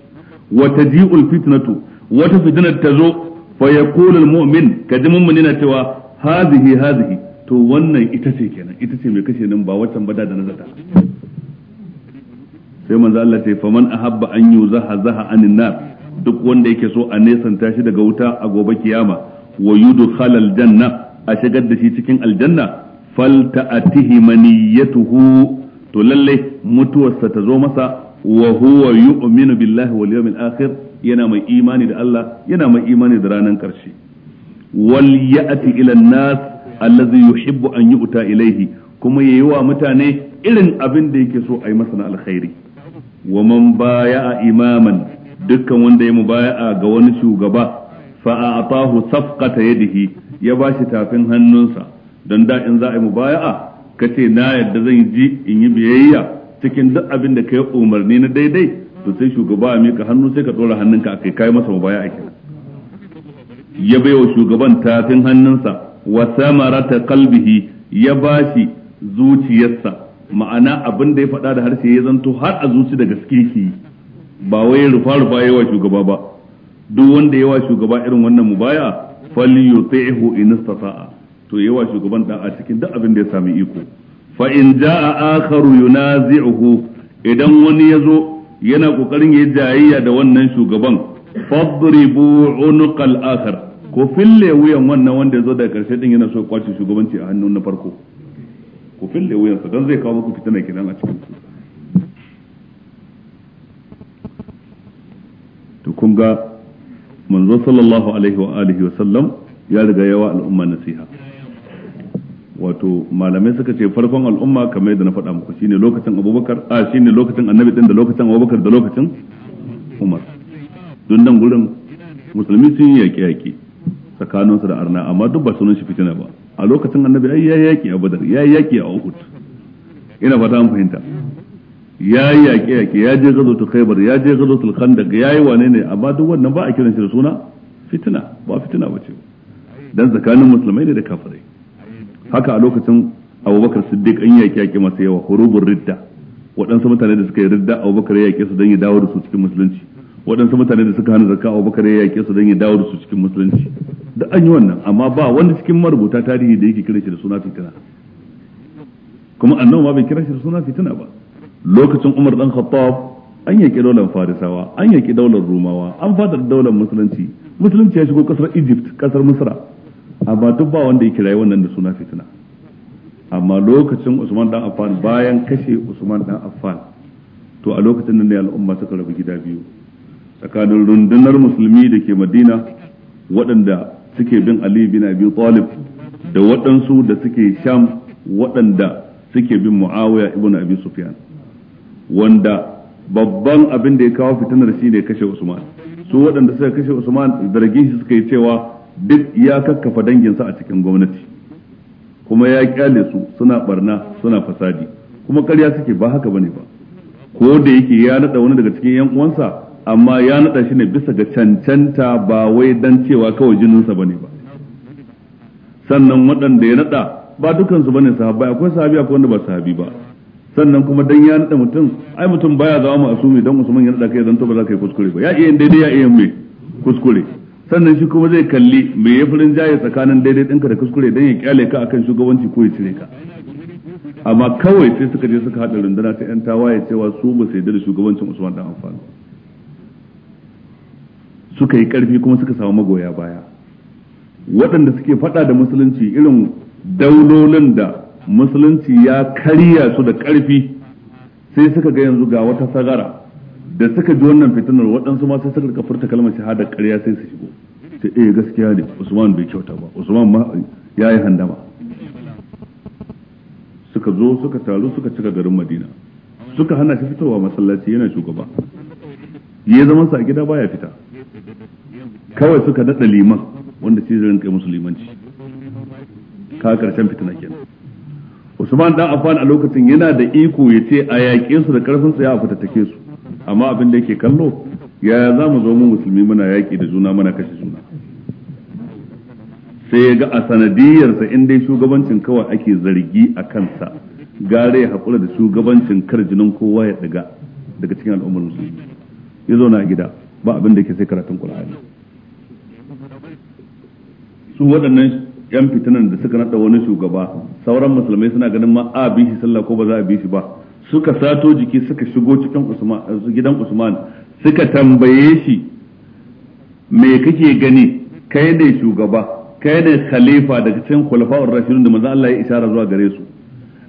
S1: wata ji'ul fitnatu wata fitinar ta zo fa yaqulu mu'min kaji mummuni na cewa hadhihi hadhihi to wannan ita ce kenan ita ce mai kashe nan ba wancan bada da nazarta sai manzo Allah ce faman ahabba an yuzaha zaha anin nar duk wanda yake so a nesanta shi daga wuta a gobe kiyama wa yudkhal aljanna a shigar da shi cikin aljanna falta'atihi maniyatuhu to lalle mutuwarsa ta zo masa wa huwa yu'minu billahi wal yawmil akhir yana mai imani da Allah yana mai imani da ranar karshe wal ya'ti ila nas allazi yuhibbu an yu'ta ilayhi kuma yayi wa mutane irin abin da yake so a yi masa na alkhairi wa man baya'a imaman dukkan wanda ya mubaya'a ga wani shugaba fa a'tahu safqata yadihi ya bashi tafin hannunsa don da in za a yi mubaya'a kace na yadda zan ji in yi biyayya cikin duk abin da kai umarni na daidai to sai shugaba ya mika hannu sai ka dora hannunka akai kai masa mubaya'a kenan ya baiwa shugaban tafin hannunsa wa samarata qalbihi ya bashi zuciyarsa ma'ana abin da ya faɗa da harshe ya zanto har a zuci da gaske ke ba wai rufa rufa yawa shugaba ba duk wanda yawa shugaba irin wannan mubaya falyuti'hu in istata'a to yawa shugaban da a cikin duk abin da ya sami iko fa in jaa akharu yunazi'uhu idan wani yazo yana kokarin yayi jayayya da wannan shugaban fadribu unqal akhar ko fille wuyan wannan wanda yazo daga karshe din yana so kwace shugabanci a hannun na farko ku fille wuyansa don zai kawo muku fitina kenan a cikin su to kun ga manzo sallallahu alaihi wa alihi wa sallam ya riga yawa al'umma nasiha wato malamai suka ce farkon al'umma kamar yadda na faɗa muku shine lokacin abubakar a shine lokacin annabi din da lokacin abubakar da lokacin umar don nan gurin musulmi sun yi yaƙe-yaƙe tsakaninsu da arna amma duk ba sunan shi fitina ba a lokacin annabi ai yayi yaki a badar yayi yaki a uhud ina fata an fahimta yayi yaki yaki ya je gazo khaybar ya je gazo tul khandaq yayi wane ne amma duk wannan ba a kiran shi da suna fitina ba fitina bace dan tsakanin musulmai ne da kafirai haka a lokacin abubakar siddiq an yaki yaki masu yawa hurubur ridda waɗansu mutane da suka yi ridda abubakar ya yake su don ya dawo da su cikin musulunci waɗansu mutane da suka hana zakka Abubakar ya yake su don ya dawo da su cikin musulunci da an yi wannan amma ba wanda cikin marubuta tarihi da yake kira shi da suna fitina kuma annabi ma bai kira shi da suna fitina ba lokacin Umar dan Khattab an yaƙi daular Farisawa an yaƙi daular Rumawa an fadar daular musulunci musulunci ya shigo kasar Egypt kasar Misra amma duk ba wanda ya kira wannan da suna fitina amma lokacin Usman dan Affan bayan kashe Usman dan Affan to a lokacin nan ne al'umma suka rabu gida biyu tsakanin rundunar musulmi da ke madina waɗanda suke bin ali bin abi talib da waɗansu da suke sham waɗanda suke bin muawiya ibn abi sufyan wanda babban abin da ya kawo fitinar shi ne kashe usman su waɗanda suka kashe usman zargin shi suka yi cewa duk ya kakkafa danginsa a cikin gwamnati kuma ya kyale su suna barna suna fasadi kuma karya suke ba haka bane ba ko da yake ya naɗa wani daga cikin yan uwansa amma ya naɗa shi ne bisa ga cancanta ba wai dan cewa kawai jininsa bane ba sannan waɗanda ya naɗa ba dukansu bane sahabbai akwai sahabi akwai wanda ba sahabi ba sannan kuma dan ya naɗa mutum ai mutum baya zama asumi dan musamman ya naɗa kai zan to ba za ka yi kuskure ba ya iya yin daidai ya iya mai kuskure sannan shi kuma zai kalli me ya furin jaye tsakanin daidai ɗinka da kuskure dan ya kyale ka akan shugabanci ko ya cire ka amma kawai sai suka je suka haɗa rundunar ta 'yan tawaye cewa su ba su yi da shugabancin Usman dan amfani suka yi karfi kuma suka samu magoya baya waɗanda suke faɗa da musulunci irin daulolin da musulunci ya karya su da karfi sai suka ga yanzu ga wata sagara da suka ji wannan fitinar waɗansu ma sai suka rika furta kalmar shahada ƙarya sai su shigo sai eh gaskiya ne Usman bai kyauta ba Usman ma yayi handama suka zo suka taru suka cika garin Madina suka hana shi fitowa masallaci yana shugaba ya zama sa gida baya fita kawai suka daɗa liman wanda shi zai rinka musu limanci ka karshen fitina kenan Usman dan afan a lokacin yana da iko ya ce a yaƙe su da karfin sa ya fatattake su amma abin da yake kallo ya za mu zo mu musulmi muna yaƙi da juna muna kashe juna sai ya ga a sanadiyarsa in dai shugabancin kawai ake zargi a kansa gare ya haƙura da shugabancin kar jinin kowa ya daga daga cikin al'ummar musulmi ya zauna a gida ba abin da ke sai karatun ƙur'ani su waɗannan yan fitinan da suka naɗa wani shugaba sauran musulmai suna ganin ma a bi shi sallah ko ba za a bi shi ba suka sato jiki suka shigo cikin gidan usman suka tambaye shi me kake gani kai ne shugaba kai ne khalifa daga cikin khulafa'ur rashidun da manzo Allah ya isara zuwa gare su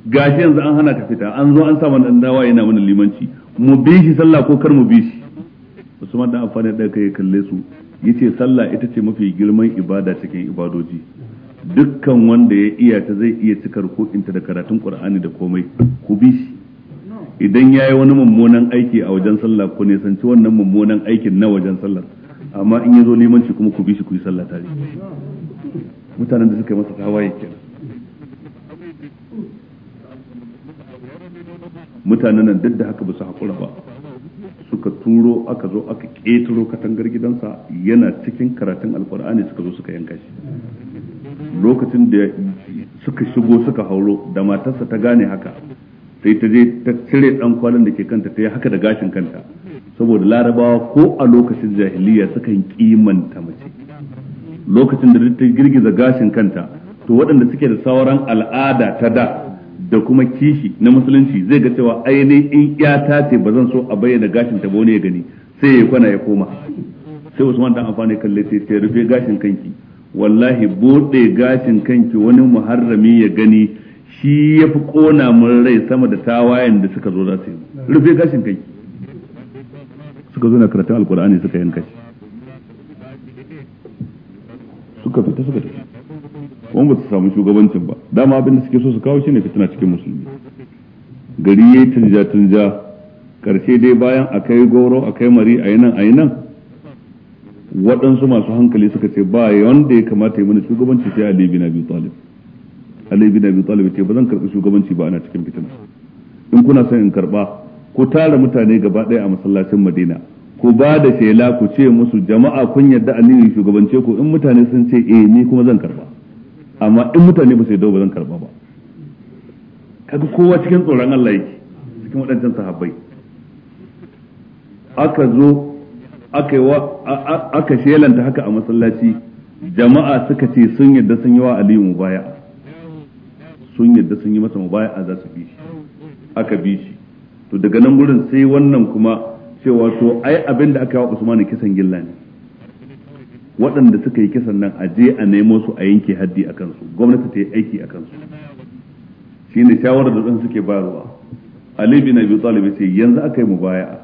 S1: gashi yanzu an hana ka fita an zo an sa mana dawa yana mana limanci mu bi shi sallah ko kar mu bi shi usman dan amfani da kai kalle su yace sallah ita ce mafi girman ibada cikin ibadoji dukkan wanda ya iya ta zai iya ko inta da karatun qur'ani da komai ku bi shi idan yayi wani mummunan aiki a wajen sallah ku nisanci wannan mummunan aikin na wajen sallah amma in yazo limanci kuma ku bi shi ku yi sallah tare mutanen da suka yi masa tawaye kenan mutanen nan duk da haka ba su haƙura ba suka turo aka zo aka ƙetaro katangar gidansa yana cikin karatun alkur'ani suka zo suka yanka shi lokacin da suka shigo suka hauro da matarsa ta gane haka sai ta je ta cire dan kwalin da ke kanta ta yi haka da gashin kanta saboda larabawa ko a lokacin jahiliya sukan kimanta mace lokacin da ta girgiza gashin kanta to waɗanda suke da sauran al'ada ta da da kuma kishi na musulunci zai ga cewa ainihin in ce ba zan so a bayyana gashin ta ba wani ya gani sai ya kwana ya koma sai Usman dan amfani kalle sai ta rufe gashin kanki wallahi bude gashin kanki wani muharrami ya gani shi ya fi kona mun rai sama da tawayen da suka zo za su yi rufe gashin kanki suka zo na karatun alkur'ani suka yanka shi suka fita suka tafi kuma ba su samu shugabancin ba dama abin da suke so su kawo shine fitina cikin musulmi gari yayi tunja tunja karshe dai bayan akai goro akai mari a yi nan a nan waɗansu masu hankali suka ce ba wanda ya kamata ya mana shugabanci sai Ali bin Abi Talib Ali bin Abi Talib ce ba zan karɓi shugabanci ba ana cikin fitina in kuna son in karɓa ku tara mutane gaba ɗaya a masallacin Madina ku ba da shela ku ce musu jama'a kun yarda ne shugabance ku in mutane sun ce eh ni kuma zan karɓa amma in mutane ba su yi ba zan karba ba kaga kowa cikin tsoron Allah yake cikin waɗancan sahabbai aka zo aka yi wa aka shelanta haka a masallaci jama'a suka ce sun yadda sun yi wa Aliyu mubaya sun yadda sun yi masa mubaya za su bi shi aka bi shi to daga nan gurin sai wannan kuma cewa to ai abin da aka yi wa Usman kisan gilla ne waɗanda suka yi kisan nan a je a nemo su a yanke haddi a kansu gwamnati ta yi aiki a kansu shi ne shawarar da ɗan suke bayarwa Ali bin Abi Talib ya ce yanzu aka yi mu baya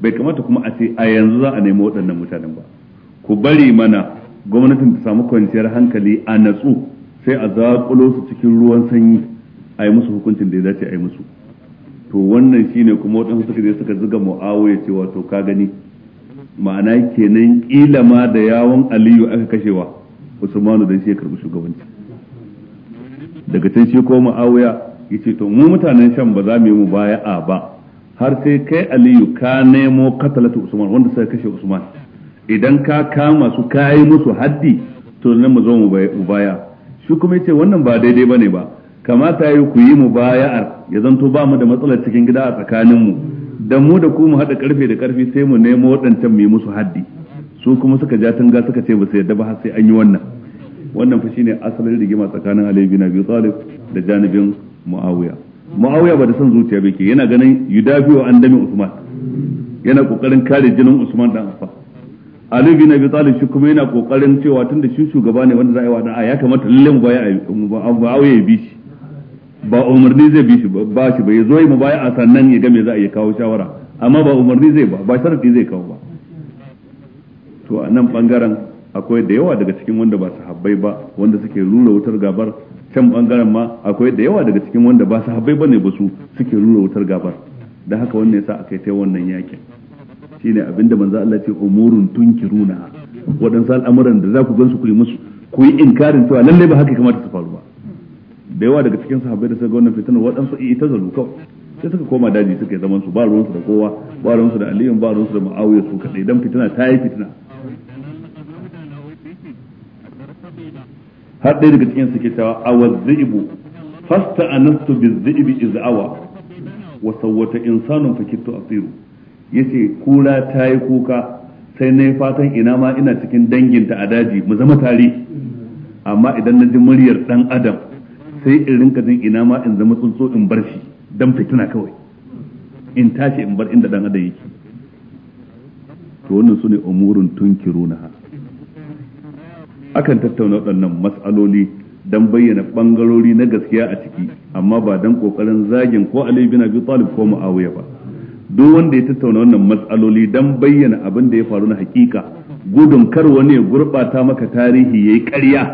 S1: bai kamata kuma a ce a yanzu za a nemo waɗannan mutanen ba ku bari mana gwamnatin ta samu kwanciyar hankali a natsu sai a zaƙulo su cikin ruwan sanyi a yi musu hukuncin da ya dace a yi musu to wannan shine kuma waɗansu suka je suka zuga mu'awiya cewa to ka gani ma'ana kenan kila ma da yawon aliyu aka kashewa usmanu dan shi ya karbi shugabanci daga can shi ko ma'awiya yace to mu mutanen shan ba za mu yi mu baya'a ba har sai kai aliyu ka nemo katalatu usman wanda suka kashe usman idan ka kama su ka yi musu haddi to nan mu zo mu baya shi kuma yace wannan ba daidai ne ba kamata yi ku yi mu baya'ar ya zanto ba mu da matsalar cikin gida a tsakanin mu da mu da ku mu haɗa karfe da karfe sai mu nemo waɗancan mu yi musu haddi su kuma suka ja tanga suka ce ba su yadda ba har sai an yi wannan wannan fa shine asalin rigima tsakanin Ali bin Abi Talib da janibin Muawiya Muawiya ba da son zuciya bai ke yana ganin yudafi wa dami Usman yana kokarin kare jinin Usman dan Affan Ali bin Abi Talib shi kuma yana kokarin cewa tunda shi shugaba ne wanda za a yi wa a ya kamata lalle mu mu a Muawiya ya bi shi ba umarni zai bi shi ba shi ba ya zo yi a sannan ya ga me za a yi kawo shawara amma ba umarni zai ba ba sharafi zai kawo ba to a nan bangaren akwai da yawa daga cikin wanda ba sahabbai ba wanda suke rura wutar gabar can bangaren ma akwai da yawa daga cikin wanda ba sahabbai bane ba su suke rura wutar gabar da haka ya yasa aka yi ta wannan yakin shine abinda manzo Allah ce umurun tunkiruna waɗansu al'amuran da za ku gansu ku yi musu ku yi inkarin cewa lallai ba haka kamata su faru ba da yawa daga cikin sahabbai da suka ga wannan fitinar waɗansu ta zalu kawai sai suka koma daji suka yi zaman su ba ruwansu da kowa ba ruwansu da aliyun ba ruwansu da ma'awiyar su kaɗai dan fitina ta yi fitina har ɗaya daga cikin suke cewa awa zibu fasta anastu bi zibi iz awa wa sawwata insanun fakittu asiru yace kura ta yi kuka sai na yi fatan ina ma ina cikin danginta a daji mu zama tare amma idan na ji muryar dan adam sai in rinka jin ina ma in zama tsuntsu in bar shi dan fitina kawai in tashi in bar inda dan adam yake to wannan sune umurun tunkirunaha akan tattauna waɗannan mas'aloli dan bayyana bangarori na gaskiya a ciki amma ba dan kokarin zagin ko Ali bin Abi Talib ko Muawiya ba duk wanda ya tattauna wannan matsaloli dan bayyana abin da ya faru na hakika gudun kar wani ya gurbata maka tarihi yayi ƙarya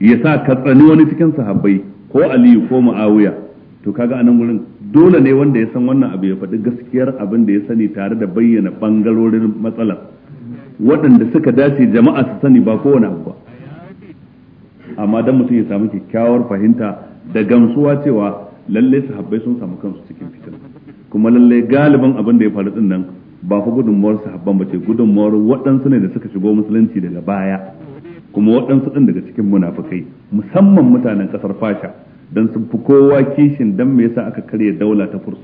S1: ya sa ka tsani wani cikin sahabbai ko aliyu ko ma'awuya to kaga anan gurin dole ne wanda ya san wannan abu ya faɗi gaskiyar abin da ya sani tare da bayyana bangarorin matsalar waɗanda suka dace jama'a su sani ba kowane abu ba amma dan mutum ya samu kyakkyawar fahimta da gamsuwa cewa lalle sahabbai sun samu kansu cikin fitina kuma lalle galibin abin da ya faru din nan ba fa gudunmuwar sahabban ba ce gudunmuwar waɗansu ne da suka shigo musulunci daga baya kuma waɗansu ɗin daga cikin munafukai musamman mutanen ƙasar fasha don sun fi kowa kishin don me yasa aka karya daula ta furs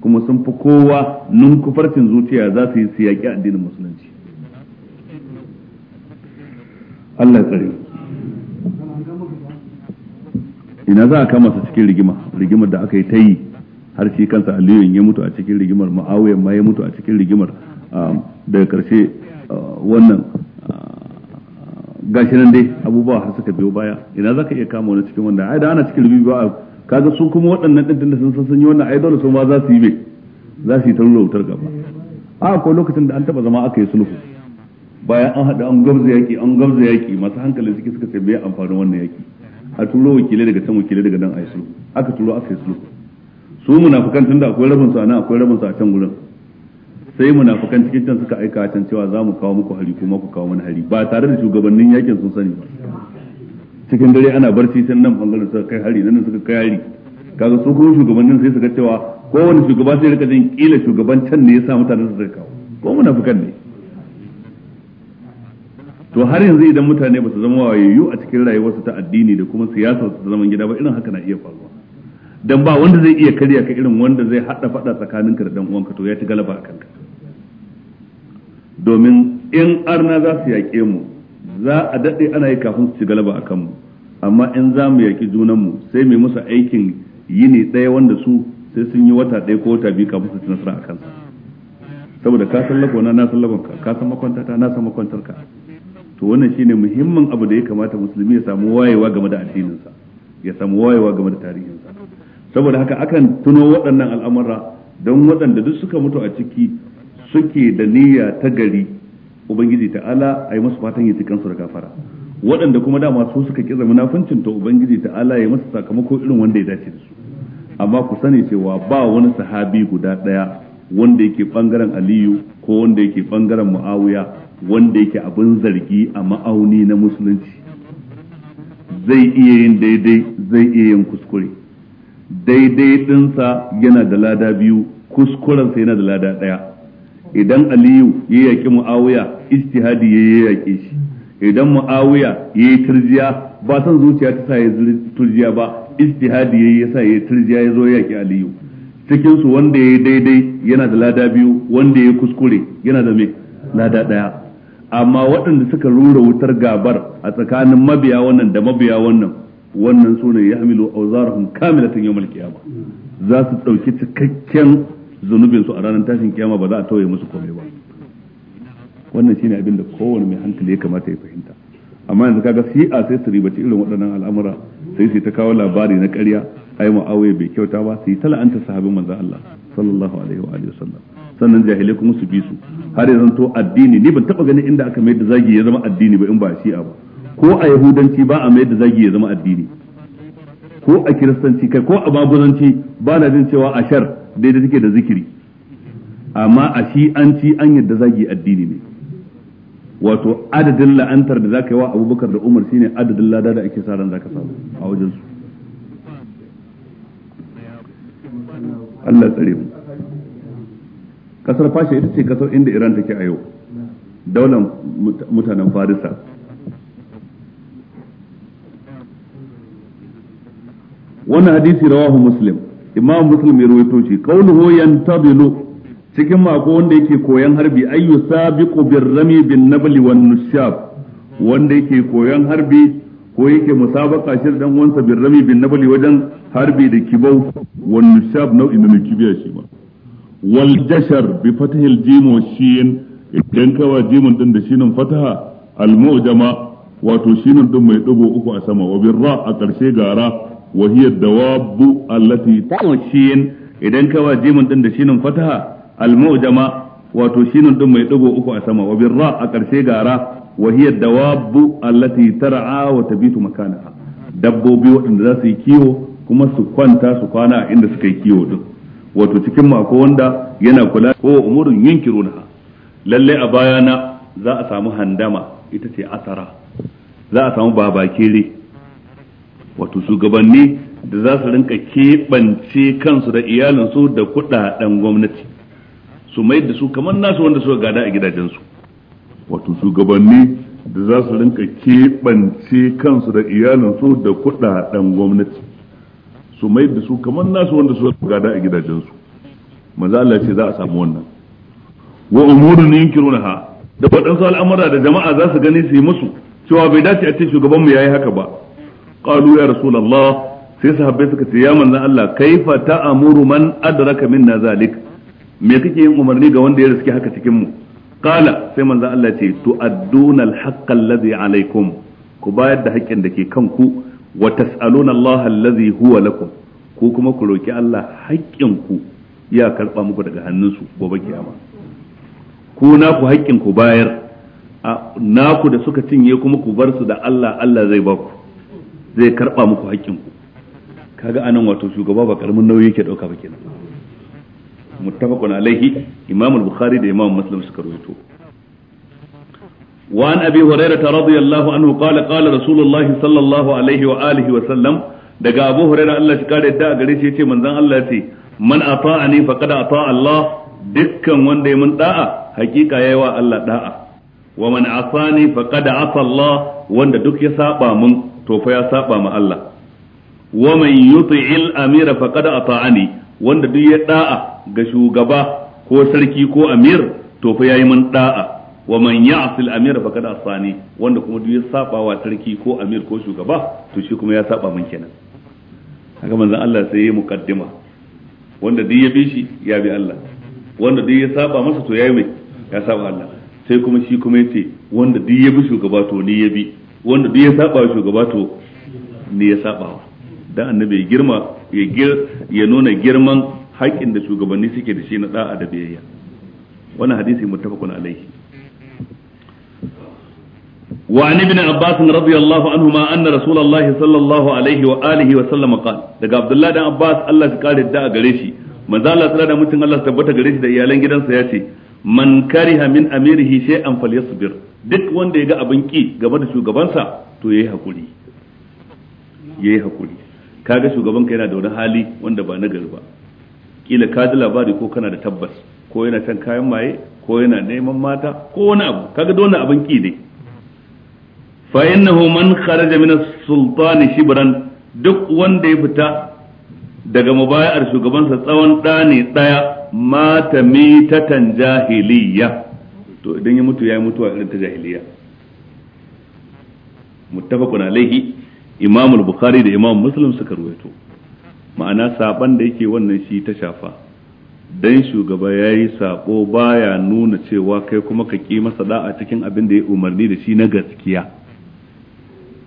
S1: kuma sun fi kowa nun kufarcin zuciya za su yi siyaki addinin musulunci Allah ina za a kama su cikin rigima rigimar da aka yi ta yi har shi kansa aliyu ya mutu a cikin rigimar ma'awiyan ma ya mutu a cikin rigimar ah, daga karshe ah, wannan gashi nan dai abubuwa har suka biyo baya ina za ka iya kama wani cikin wanda ai da ana cikin rubi ba kaga su kuma waɗannan ɗin da sun san yi wannan ai dole su ma za su yi bai za su yi ta rura wutar gaba a ko lokacin da an taɓa zama aka yi sulhu bayan an haɗu an gwamza yaƙi an gwamza yaƙi masu hankalin suke suka ce me amfanin wannan yaƙi a turo wakilai daga can wakilai daga nan a yi sulhu aka turo aka yi sulhu su munafukan tunda akwai rabin su a nan akwai rabin su a can gurin sai munafikan cikin can suka aika can cewa za mu kawo muku hari kuma ku kawo mana hari ba tare da shugabannin yakin sun sani ba cikin dare ana barci sai nan bangaren suka kai hari nan suka kai hari kaga su kuma shugabannin sai suka cewa kowane shugaba sai rika jin kila shugaban can ne ya sa mutane su kawo ko munafikan ne to har yanzu idan mutane ba su zama wayayyu a cikin rayuwarsu ta addini da kuma siyasar su zaman gida ba irin haka na iya faruwa dan ba wanda zai iya karya ka irin wanda zai hada fada tsakaninka da dan uwanka to ya ci galaba a kanka domin in arna za su yaƙe mu za a daɗe ana yi kafin su ci galaba a kanmu amma in za mu yaƙi junanmu sai mu musu aikin yini ɗaya wanda su sai sun yi wata ɗaya ko wata biyu kafin su ci nasara a kansa saboda ka san lakona na san labanka ka san makwantata na san makwantarka to wannan shine muhimmin abu da ya kamata musulmi ya samu wayewa game da addininsa ya samu wayewa game da tarihinsa saboda haka akan tuno waɗannan al'amura don waɗanda duk suka mutu a ciki suke da niyya ta gari ubangiji ta'ala ai masu fatan ya cikin da gafara waɗanda kuma dama su suka kiza munafincin to ubangiji ta'ala ya musu sakamako irin wanda ya dace da su amma ku sani cewa ba wani sahabi guda ɗaya wanda yake bangaren aliyu ko wanda yake bangaren muawiya wanda yake abin zargi a ma'auni na musulunci zai iya yin daidai zai iya yin kuskure daidai ɗinsa yana da lada biyu kuskurensa yana da lada ɗaya idan aliyu ya yaki muawiya Istihadi ya yaki shi idan muawiya ya yi turjiya ba san zuciya ta sa ya turjiya ba Istihadi ya yi ya sa ya turjiya ya zo ya yaki aliyu cikin su wanda ya yi daidai yana da lada biyu wanda ya kuskure yana da me lada ɗaya. amma waɗanda suka rura wutar gabar a tsakanin mabiya wannan da mabiya wannan wannan su ne ya hamilu auzarahum kamilatan yawmal qiyamah za su ɗauki cikakken zunubin su a ranar tashin kiyama ba za a tauye musu komai ba wannan shine abin da kowane mai hankali ya kamata ya fahimta amma yanzu kaga a sai su ribaci irin waɗannan al'amura sai su ta kawo labari na ƙarya ai mu'awiya bai kyauta ba su yi ta la'anta sahabin manzon Allah sallallahu alaihi wa alihi sannan jahilai kuma su bi su har ya zanto addini ni ban taba ganin inda aka mai da zagi ya zama addini ba in ba shi'a ba ko a yahudanci ba a mai da zagi ya zama addini ko a kiristanci kai ko a babulanci ba na jin cewa ashar daidai take da zikiri amma a shi an ci an yadda zagi addini ne wato adadin la'antar da zaka yi wa abubakar da umar shine adadin lada da ake sa ran zaka samu a wajen su Allah tsare mu kasar fasha ita ce kasar inda iran take a yau daular mutanen farisa wannan hadisi rawahu muslim imam muslim ya rawaito shi qawluhu yantadilu cikin mako wanda yake koyan harbi ayyu sabiqu birrami bin nabli wan nushab wanda yake koyan harbi ko yake musabaka shi dan wansa birrami bin nabli wajen harbi da kibau wan nushab nau'in na kibiya shi ma wal jashar bi fathil jim wa shin idan kawa jimin din da shinin fataha al mu'jama wato shinin din mai dugo uku a sama wa birra a karshe gara wa hiya dawabu allati tamushin idan ka wa jimin din da shinin fataha al mu'jama wato shinin din mai digo uku a sama wa birra a karshe gara wa hiya dawabu allati tar'a wa tabitu makanaha dabbobi waɗanda za su yi kiwo kuma su kwanta su kwana a inda suka yi kiwo din wato cikin mako wanda yana kula ko umarin umurun yunkiruna lallai a baya na za a samu handama ita ce asara za a samu baba babakere wato shugabanni da za su rinka keɓance kansu da iyalinsu da kuɗaɗen gwamnati su mai da su kamar nasu wanda suka gada a gidajensu wato shugabanni da za su rinka keɓance kansu da iyalinsu da kuɗaɗen gwamnati su mai da su kamar nasu wanda suka gada a gidajensu maza Allah ce za a samu wannan wa umurun yunkirunaha da waɗansu al'amura da jama'a za su gani su yi musu cewa bai dace a ce shugabanmu yayi haka ba qalu ya rasulullah sai sahabbai suka ce ya manzon Allah kaifa ta'amuru man adraka minna zalik me kake yin umarni ga wanda ya riske haka cikin mu qala sai manzon Allah ce tu'adduna al-haqqa alladhi ku bayar da haƙƙin da ke kanku wa Allah allazi huwa lakum ku kuma ku roki Allah haƙƙin ku ya karba muku daga hannunsu gobe kiyama ku na ku haƙƙin ku bayar naku da suka cinye kuma ku barsu da Allah Allah zai baku zai karba muku haƙƙin ku kaga anan wato shugaba ba karamin nauyi yake dauka ba kenan muttafaqun alaihi imam al-bukhari da imam muslim suka rawaito وعن أبي هريرة رضي الله عنه قال قال رسول الله صلى الله عليه وآله وسلم دقى أبو هريرة الله شكار الداء قريش يتي من ذن الله يتي من أطاعني فقد أطاع الله دكا من دي من داء حقيقة يوى الله داء ومن عصاني فقد عصى الله وان دك يسابى من to fa ya saba ma Allah wa man yuti'il amira faqad ata'ani wanda duk ya da'a ga shugaba ko sarki ko amir to fa yayi min da'a wa man ya'sil amira faqad asani wanda kuma duk ya saba wa sarki ko amir ko shugaba to shi kuma ya saba min kenan haka manzon Allah sai ya muqaddima wanda duk ya bi shi ya bi Allah wanda duk ya saba masa to yayi mai ya saba Allah sai kuma shi kuma yace wanda duk ya bi shugaba to ni ya bi wanda duk ya saba wa shugaba to ne ya saba wa dan annabi ya girma ya ya nuna girman haƙƙin da shugabanni suke da shi na da'a da biyayya wannan hadisi muttafaqun alaihi وعن ابن عباس رضي الله عنهما أن رسول sallallahu alaihi wa عليه wa وسلم قال daga Abdullah dan Abbas Allah ya kare da gare shi manzo Allah tsara da mutun Allah tabbata gare shi da iyalan gidansa yace man kariha min amirihi shay'an falyasbir duk wanda ya ga abin ki game da shugabansa to yayi hakuri yayi hakuri kaga shugaban ka yana da wani hali wanda ba nagari ba kila ka ji labari ko kana da tabbas ko yana shan kayan maye ko yana neman mata ko wani abu kaga dole abin ki ne fa innahu man kharaja min as-sultan shibran duk wanda ya fita daga mubayar shugabansa tsawon ɗani ɗaya mata mitatan jahiliya to idan ya mutu ya mutuwa irin ta jahiliya muttafaqun alaihi
S2: imamu bukhari da
S1: imam muslim suka ruwaito ma'ana saban da yake wannan shi ta shafa dan shugaba yayi sako baya nuna cewa kai kuma ka ki masa da'a cikin abin da ya umarni da shi na gaskiya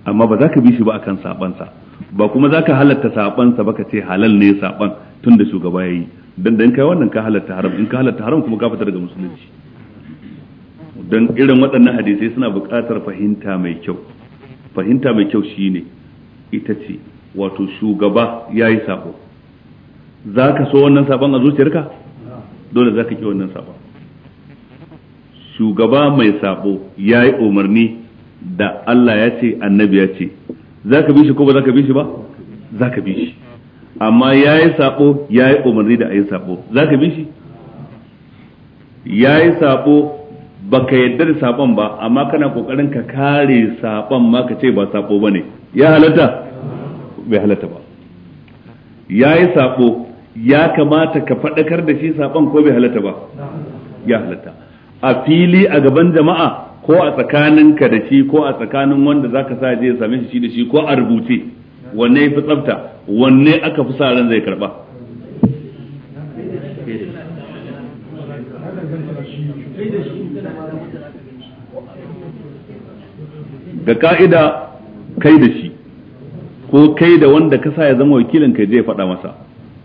S1: amma ba za ka bi shi ba akan sabansa ba kuma za ka halatta sabansa ba ka ce halal ne saban tun da shugaba yayi dan dan kai wannan ka halatta haram in ka halatta haram kuma ka fitar daga musulunci don irin waɗannan hadisai suna buƙatar fahimta mai kyau fahimta mai kyau shine ita ce wato shugaba ya yi sabo za ka so wannan sabon a zuciyarka dole za ka ki wannan sabon shugaba mai sabo ya yi umarni da Allah ya ce annabi ya ce za ka bi shi ko ba za ka bi shi ba za ka bi shi amma ya yi sabo ya yi umarni da a yi sabo za ka bi shi ya yi sabo baka yadda da saban ba amma kana kokarin ka kare saban ma ka ce ba sabo bane ya halatta bai halatta ba yi sabo ya kamata ka faɗakar da shi saban ko bai halatta ba ya halatta a fili a gaban jama'a ko a tsakanin ka da shi ko a tsakanin wanda zaka sa je ya same shi da shi ko a rubuce wanne ya fi tsafta wanne aka fi sa ran zai karba
S2: ga ka'ida kai da shi
S1: ko kai da wanda ka sa ya zama wakilin ka zai faɗa masa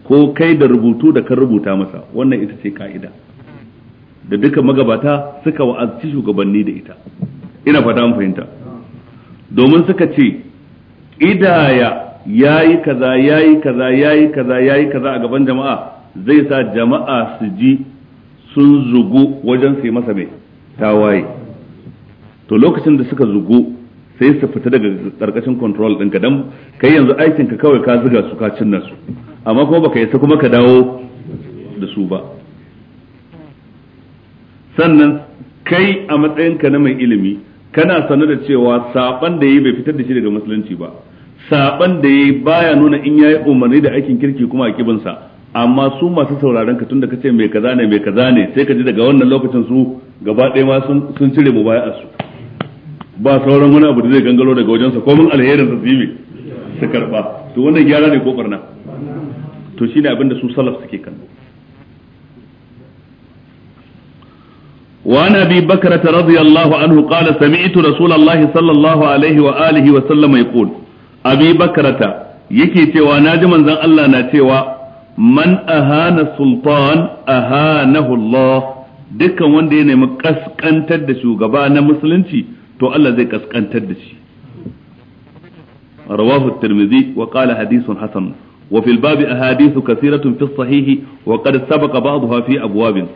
S1: ko kai da rubutu da kan rubuta masa wannan ita ce ka'ida da duka magabata suka wa'azci shugabanni da ita ina fata mun fahimta domin suka ce idaya yayi kaza yayi kaza yayi kaza yayi kaza a gaban jama'a zai sa jama'a su ji sun zugu wajen su yi masa mai tawaye to lokacin da suka zugu sai su fita daga karkashin control ɗinka dan kai yanzu aikin ka kawai ka zuga su ka cinna su amma kuma baka yasa kuma ka dawo da su ba sannan kai a matsayinka na mai ilimi kana sanar da cewa saban da yayi bai fitar da shi daga musulunci ba saban da yayi baya nuna in yayi umarni da aikin kirki kuma a kibinsa amma su masu sauraron ka tunda kace mai kaza ne mai kaza ne sai ka ji daga wannan lokacin su gaba ɗaya ma sun cire mu baya su ba sauran wani abu da zai gangaro daga wajensa komin alherin sa zibi su karba to wannan gyara ne ko barna to shine abin da su salaf suke kallo وعن ابي بكرة رضي الله عنه قال سمعت رسول الله صلى الله عليه واله وسلم يقول ابي بكرة yake cewa ji manzon Allah na cewa man ahana sultan ahanahu Allah dukkan wanda ya nemi kaskantar da shugaba na musulunci to Allah zai kaskantar da shi rawahu at-tirmidhi wa Hassan, hadithun hasan wa fil babi ahadithu kathiratun fi sahihi wa qad sabaqa ba'daha fi abwabin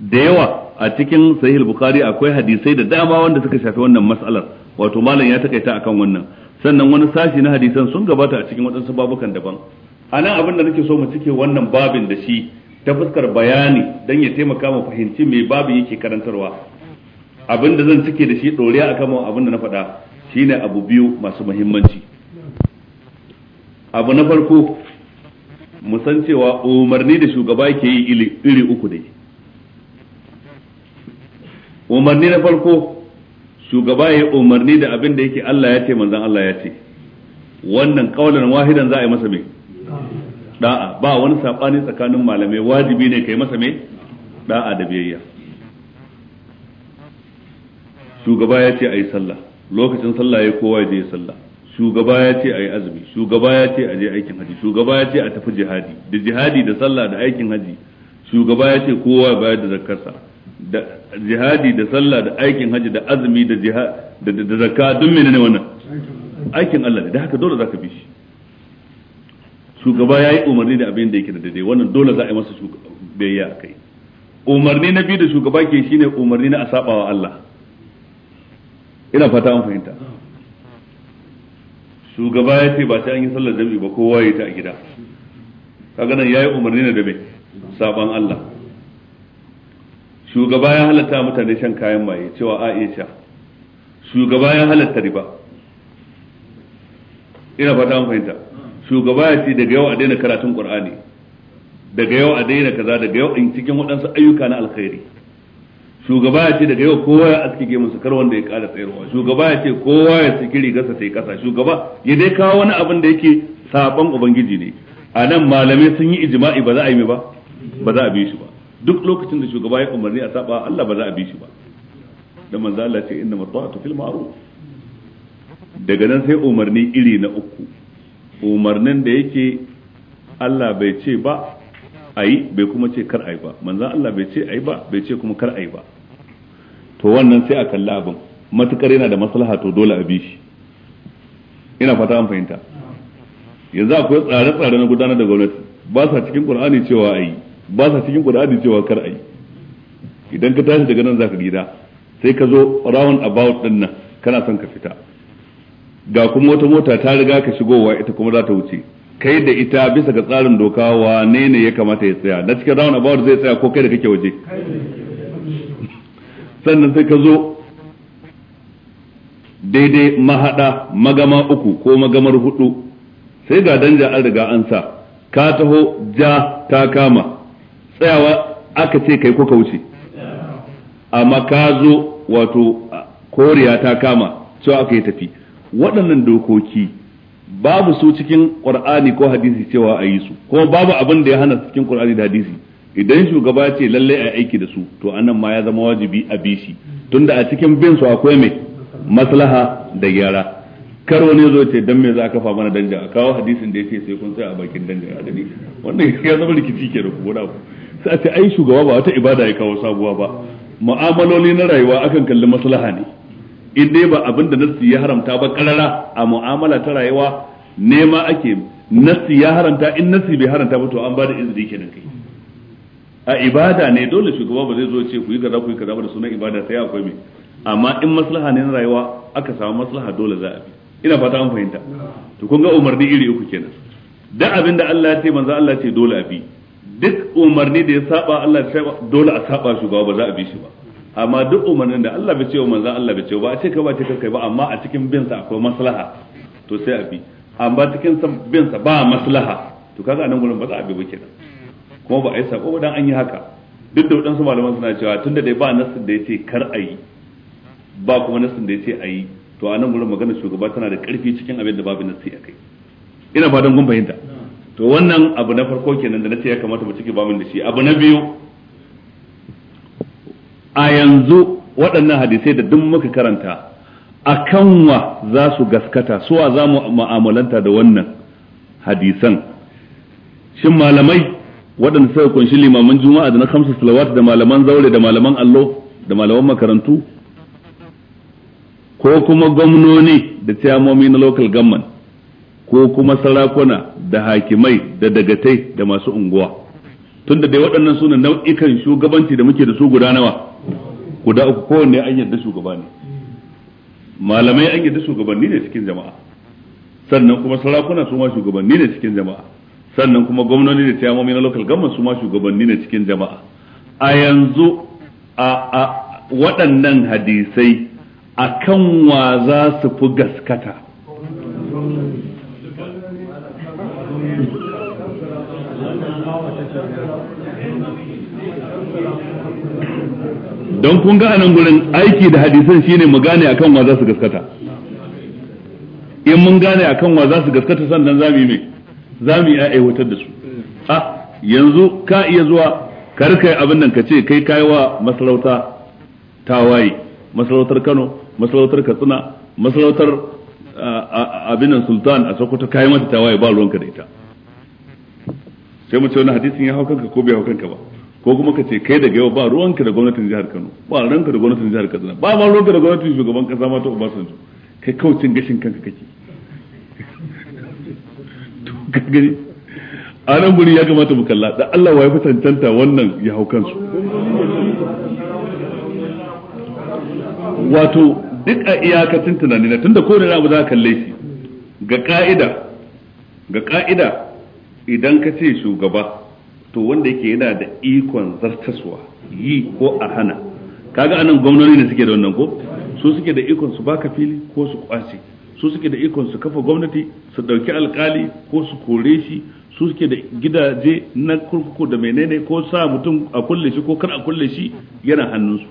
S1: da yawa a cikin sahih bukhari akwai hadisai da dama wanda suka shafi wannan matsalar wato malam ya takaita akan wannan sannan wani sashi na hadisan sun gabata a cikin waɗansu babukan daban a nan abin da nake so mu cike wannan babin da shi ta fuskar bayani don ya taimaka mu fahimci me babin yake karantarwa abin da zan cike da shi a kama abin da na faɗa shine abu biyu masu muhimmanci abu na farko mu san cewa umarni da shugaba ke yi iri uku dai. umarni na farko shugaba ya umarni da abin da yake Allah ya ce manzan Allah ya ce wannan kaulan wahidan za a yi masa mai da'a ba wani saɓani tsakanin malamai wajibi ne kai masa mai da'a da biyayya shugaba ya ce a yi sallah lokacin sallah ya kowa je sallah shugaba ya ce a yi azumi shugaba ya ce a je aikin haji shugaba ya ce a tafi jihadi da jihadi da sallah da aikin haji shugaba ya ce kowa ya bayar da zakarsa da jihadi da sallah da aikin haji da azumi da jihad da zakka duk menene wannan aikin Allah ne da haka dole zaka bi shi shugaba ya yi umarni da abin da yake da daidai wannan dole za a yi masa shugaba bayya kai umarni na biyu da shugaba ke shine umarni na asabawa Allah ina fata an fahimta shugaba ya ce ba sai an yi sallar jami'i ba kowa ya ta a gida kaga nan yayi umarni ne da me saban Allah shugaba ya halatta mutane shan kayan maye cewa a iya sha shugaba ya halatta riba ina fata an fahimta shugaba ya ce daga yau a daina karatun qur'ani daga yau a daina kaza daga yau in cikin waɗansu ayyuka na alkhairi shugaba ya ce daga yau kowa ya aske musu kar wanda ya kada tsayarwa shugaba ya ce kowa ya saki rigarsa sai kasa shugaba ya dai kawo wani abin da yake saban ubangiji ne a nan malamai sun yi ijima'i ba za a yi ba ba za a bi shi ba duk lokacin da shugaba ya umarni a saba Allah ba za a bi shi ba dan manzo Allah ce inna mata'atu fil ma'ruf daga nan sai umarni iri na uku umarnin da yake Allah bai ce ba a yi bai kuma ce kar a yi ba manzan Allah bai ce a yi ba bai ce kuma kar a yi ba to wannan sai a kalla abin matukar yana da maslaha to dole a bi shi ina fata an fahimta yanzu akwai tsare-tsare na gudanar da gwamnati ba sa cikin qur'ani cewa ayi ba sa cikin qur'ani cewa kar yi. idan ka tashi daga nan zaka gida sai ka zo round about din nan kana son ka fita ga kuma wata mota ta riga ka shigowa ita kuma za ta wuce kai da ita bisa ga tsarin doka wane ne ya kamata ya tsaya na cikin round about zai tsaya ko kai da kake waje sannan sai ka zo daidai mahaɗa magama uku ko magamar hudu sai ga danja an riga an sa ka taho ja ta kama tsayawa aka ce kai ko ka wuce amma ka zo wato koriya ta kama cewa aka yi tafi waɗannan dokoki babu su cikin ƙur'ani ko hadisi cewa a yi su kuma babu abin da ya hana cikin ƙur'ani da hadisi idan shugaba ce lalle a aiki da su to anan ma ya zama wajibi a bi shi tunda a cikin bin su akwai mai maslaha da gyara karo ne zo ce dan me za ka kafa mana danja a kawo hadisin da yake sai kun tsaya a bakin danja a dani wannan ya zama rikici ke da kuma sai a ce ai shugaba ba wata ibada ya kawo sabuwa ba mu'amaloli na rayuwa akan kalli maslaha ne in dai ba abin da nassi ya haramta ba karara a mu'amala ta rayuwa nema ake nassi ya haramta in nassi bai haramta ba to an ba da izini kenan kai a ibada ne dole shugaba ba zai zo ce ku yi kaza ku yi kaza ba da sunan ibada sai akwai mai amma in maslaha ne na rayuwa aka samu maslaha dole za a bi ina fata an fahimta to kun ga umarni iri uku kenan duk abin da Allah ya ce manzo Allah ce dole a bi duk umarni da ya saba Allah ya dole a saba shugaba ba za a bi shi ba amma duk umarnin da Allah bai ce wa manzo Allah bai ce ba a ce ka ba ce kai ba amma a cikin bin sa akwai maslaha to sai a bi amma cikin bin sa ba maslaha to kaga nan gurin ba za a bi ba kenan kuma ba a yi sako dan an yi haka duk da waɗansu malaman suna cewa tun da dai ba nassin da ya ce kar a yi ba kuma nassin da ya ce a yi to a nan gurin magana shugaba tana da ƙarfi cikin abin da babu nassi a kai ina don kun fahimta to wannan abu na farko kenan da na ce ya kamata mu cike bamin da shi abu na biyu a yanzu waɗannan hadisai da duk muka karanta a kanwa za su gaskata suwa za mu ma'amalanta da wannan hadisan shin malamai waɗanda suka kunshi limaman juma'a da na kamsa salawat da malaman zaure da malaman allo da malaman makarantu ko kuma gwamnoni da tiyamomi na local government ko kuma sarakuna da hakimai da dagatai da masu unguwa tun da dai waɗannan suna nau'ikan shugabanci da muke da su guda nawa guda uku kowanne an yadda shugaba ne malamai an yadda shugabanni ne cikin jama'a sannan kuma sarakuna su ma shugabanni ne cikin jama'a sannan kuma gwamnoni da ciyamomi na local government su ma shugabanni ne cikin jama'a a yanzu a waɗannan hadisai a kan wa za su fi gaskata
S2: don kun ga anan gurin aiki
S1: da hadisan shine mu gane a kan wa za su gaskata in mun gane a kan wa za su gaskata sannan za mu yi mai za mu iya aiwatar da su a yanzu ka iya zuwa karkai abin nan ka ce kai kaiwa masarauta tawaye masarautar Kano masarautar Katsina masarautar abin nan sultan a Sokoto kai mata tawaye ba ruwanka da ita sai mu ce wani hadisin ya hau kanka ko bai hau kanka ba ko kuma ka ce kai daga yau ba ruwanka da gwamnatin jihar Kano ba ruwanka da gwamnatin jihar Katsina ba ma ruwanka da gwamnatin shugaban kasa ma ta su kai kawai cin gashin kanka kake gaggari a nan guri ya kamata mu kalla da Allah wa ya fi cancanta wannan ya hau kansu wato duk a iyakacin tunani na tunda kowane abu za ka kalle shi ga ka'ida ga ka'ida idan ka ce shugaba to wanda yake yana da ikon zartaswa yi ko a hana kaga anan gwamnoni ne suke da wannan ko su suke da ikon su baka fili ko su kwace su suke da ikon su kafa gwamnati su dauki alkali ko su kore shi su suke da gidaje na kurkuku da menene ko sa mutum a kulle shi ko kar a kulle shi yana hannunsu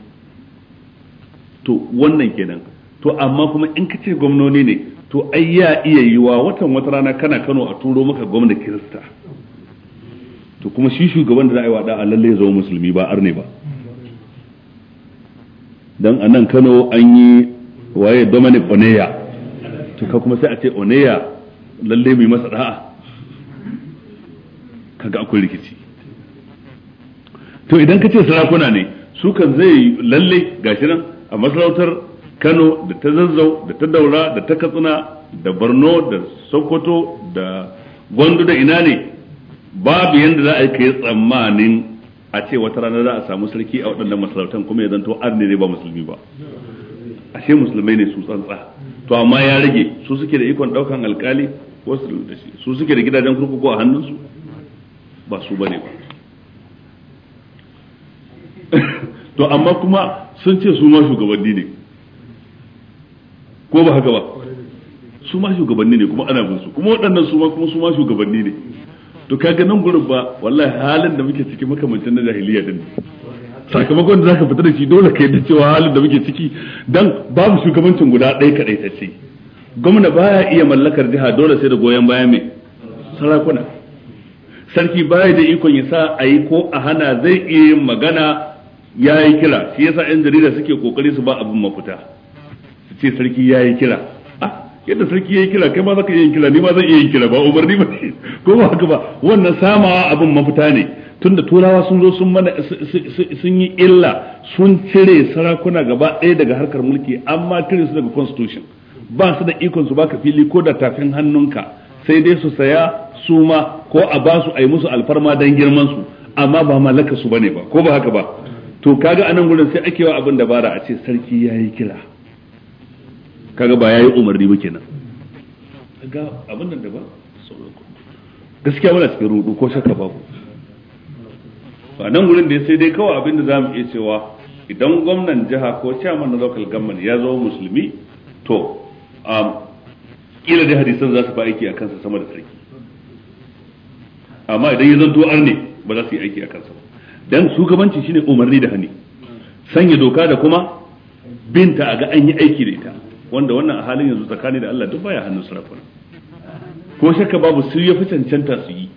S1: to wannan kenan to amma kuma in ka ce gwamnoni ne to ai ya iya yiwa watan wata rana kana Kano a turo maka gwamna Kirista to kuma shi shugaban da za a yi wada a lalle zama musulmi ba arne ba dan a nan Kano an yi waye Dominic Oneya to ka kuma sai a ce oneya lalle mai masa da'a kaga akwai rikici to idan ka ce sarakuna ne su kan zai lalle gashi nan a masarautar Kano da ta Zazzau da ta Daura da ta Katsina da Borno da Sokoto da Gwandu da ina ne babu yadda za a yi tsammanin a ce wata rana za a samu sarki a waɗannan masarautar kuma ya zanto arne ne ba musulmi ba ashe musulmai ne su tsantsa to amma ya rage su suke da ikon daukan alkali ko su da shi su suke da gidajen kurkuku a hannunsu ba su bane ba to amma kuma sun ce su ma shugabanni ne ko ba haka ba su ma shugabanni ne kuma ana bin su kuma waɗannan su ma kuma su ma shugabanni ne to kaga nan gurin ba wallahi halin da muke ciki makamancin na jahiliya din ne sakamakon da zaka fita da shi dole ka yadda cewa halin da muke ciki dan babu shugabancin guda ɗaya kadai ta ce gwamna baya iya mallakar jiha dole sai da goyon baya mai sarakuna sarki baya da ikon ya sa a yi ko a hana zai iya yin magana ya yi kira shi yasa yan jarida suke kokari su ba abin mafita su ce sarki ya yi kira yadda sarki ya yi kira kai ma zaka iya yin kira ni ma zan iya yin kira ba umarni ba ko ba haka ba wannan samawa abin mafita ne tunda turawa sun zo sun mana sun yi illa sun cire sarakuna gaba ɗaya daga harkar mulki amma cire su daga constitution ba su da ikon su baka fili ko da tafin hannunka sai dai su saya su ma ko a ba su a yi musu alfarma don girman su amma ba mallaka su bane ba ko ba haka ba to kaga anan gurin sai ake wa abin dabara a ce sarki yayi kira kaga ba yayi umarni ba kenan ga abin nan da ba gaskiya muna cikin rudu ko shakka babu to nan gurin da sai dai kawai abin da za mu iya cewa idan gwamnan jiha ko chairman na local government ya zo musulmi to um, kila da hadisan za su fa aiki a kansa sama da sarki amma idan ya zanto arne ba za su yi aiki a kansa ba dan shugabanci shine umarni da hani sanya doka da kuma binta a ga an yi aiki da ita wanda wannan a halin yanzu tsakani da Allah duk baya hannun sarakuna ko shakka babu su ya fi cancanta su yi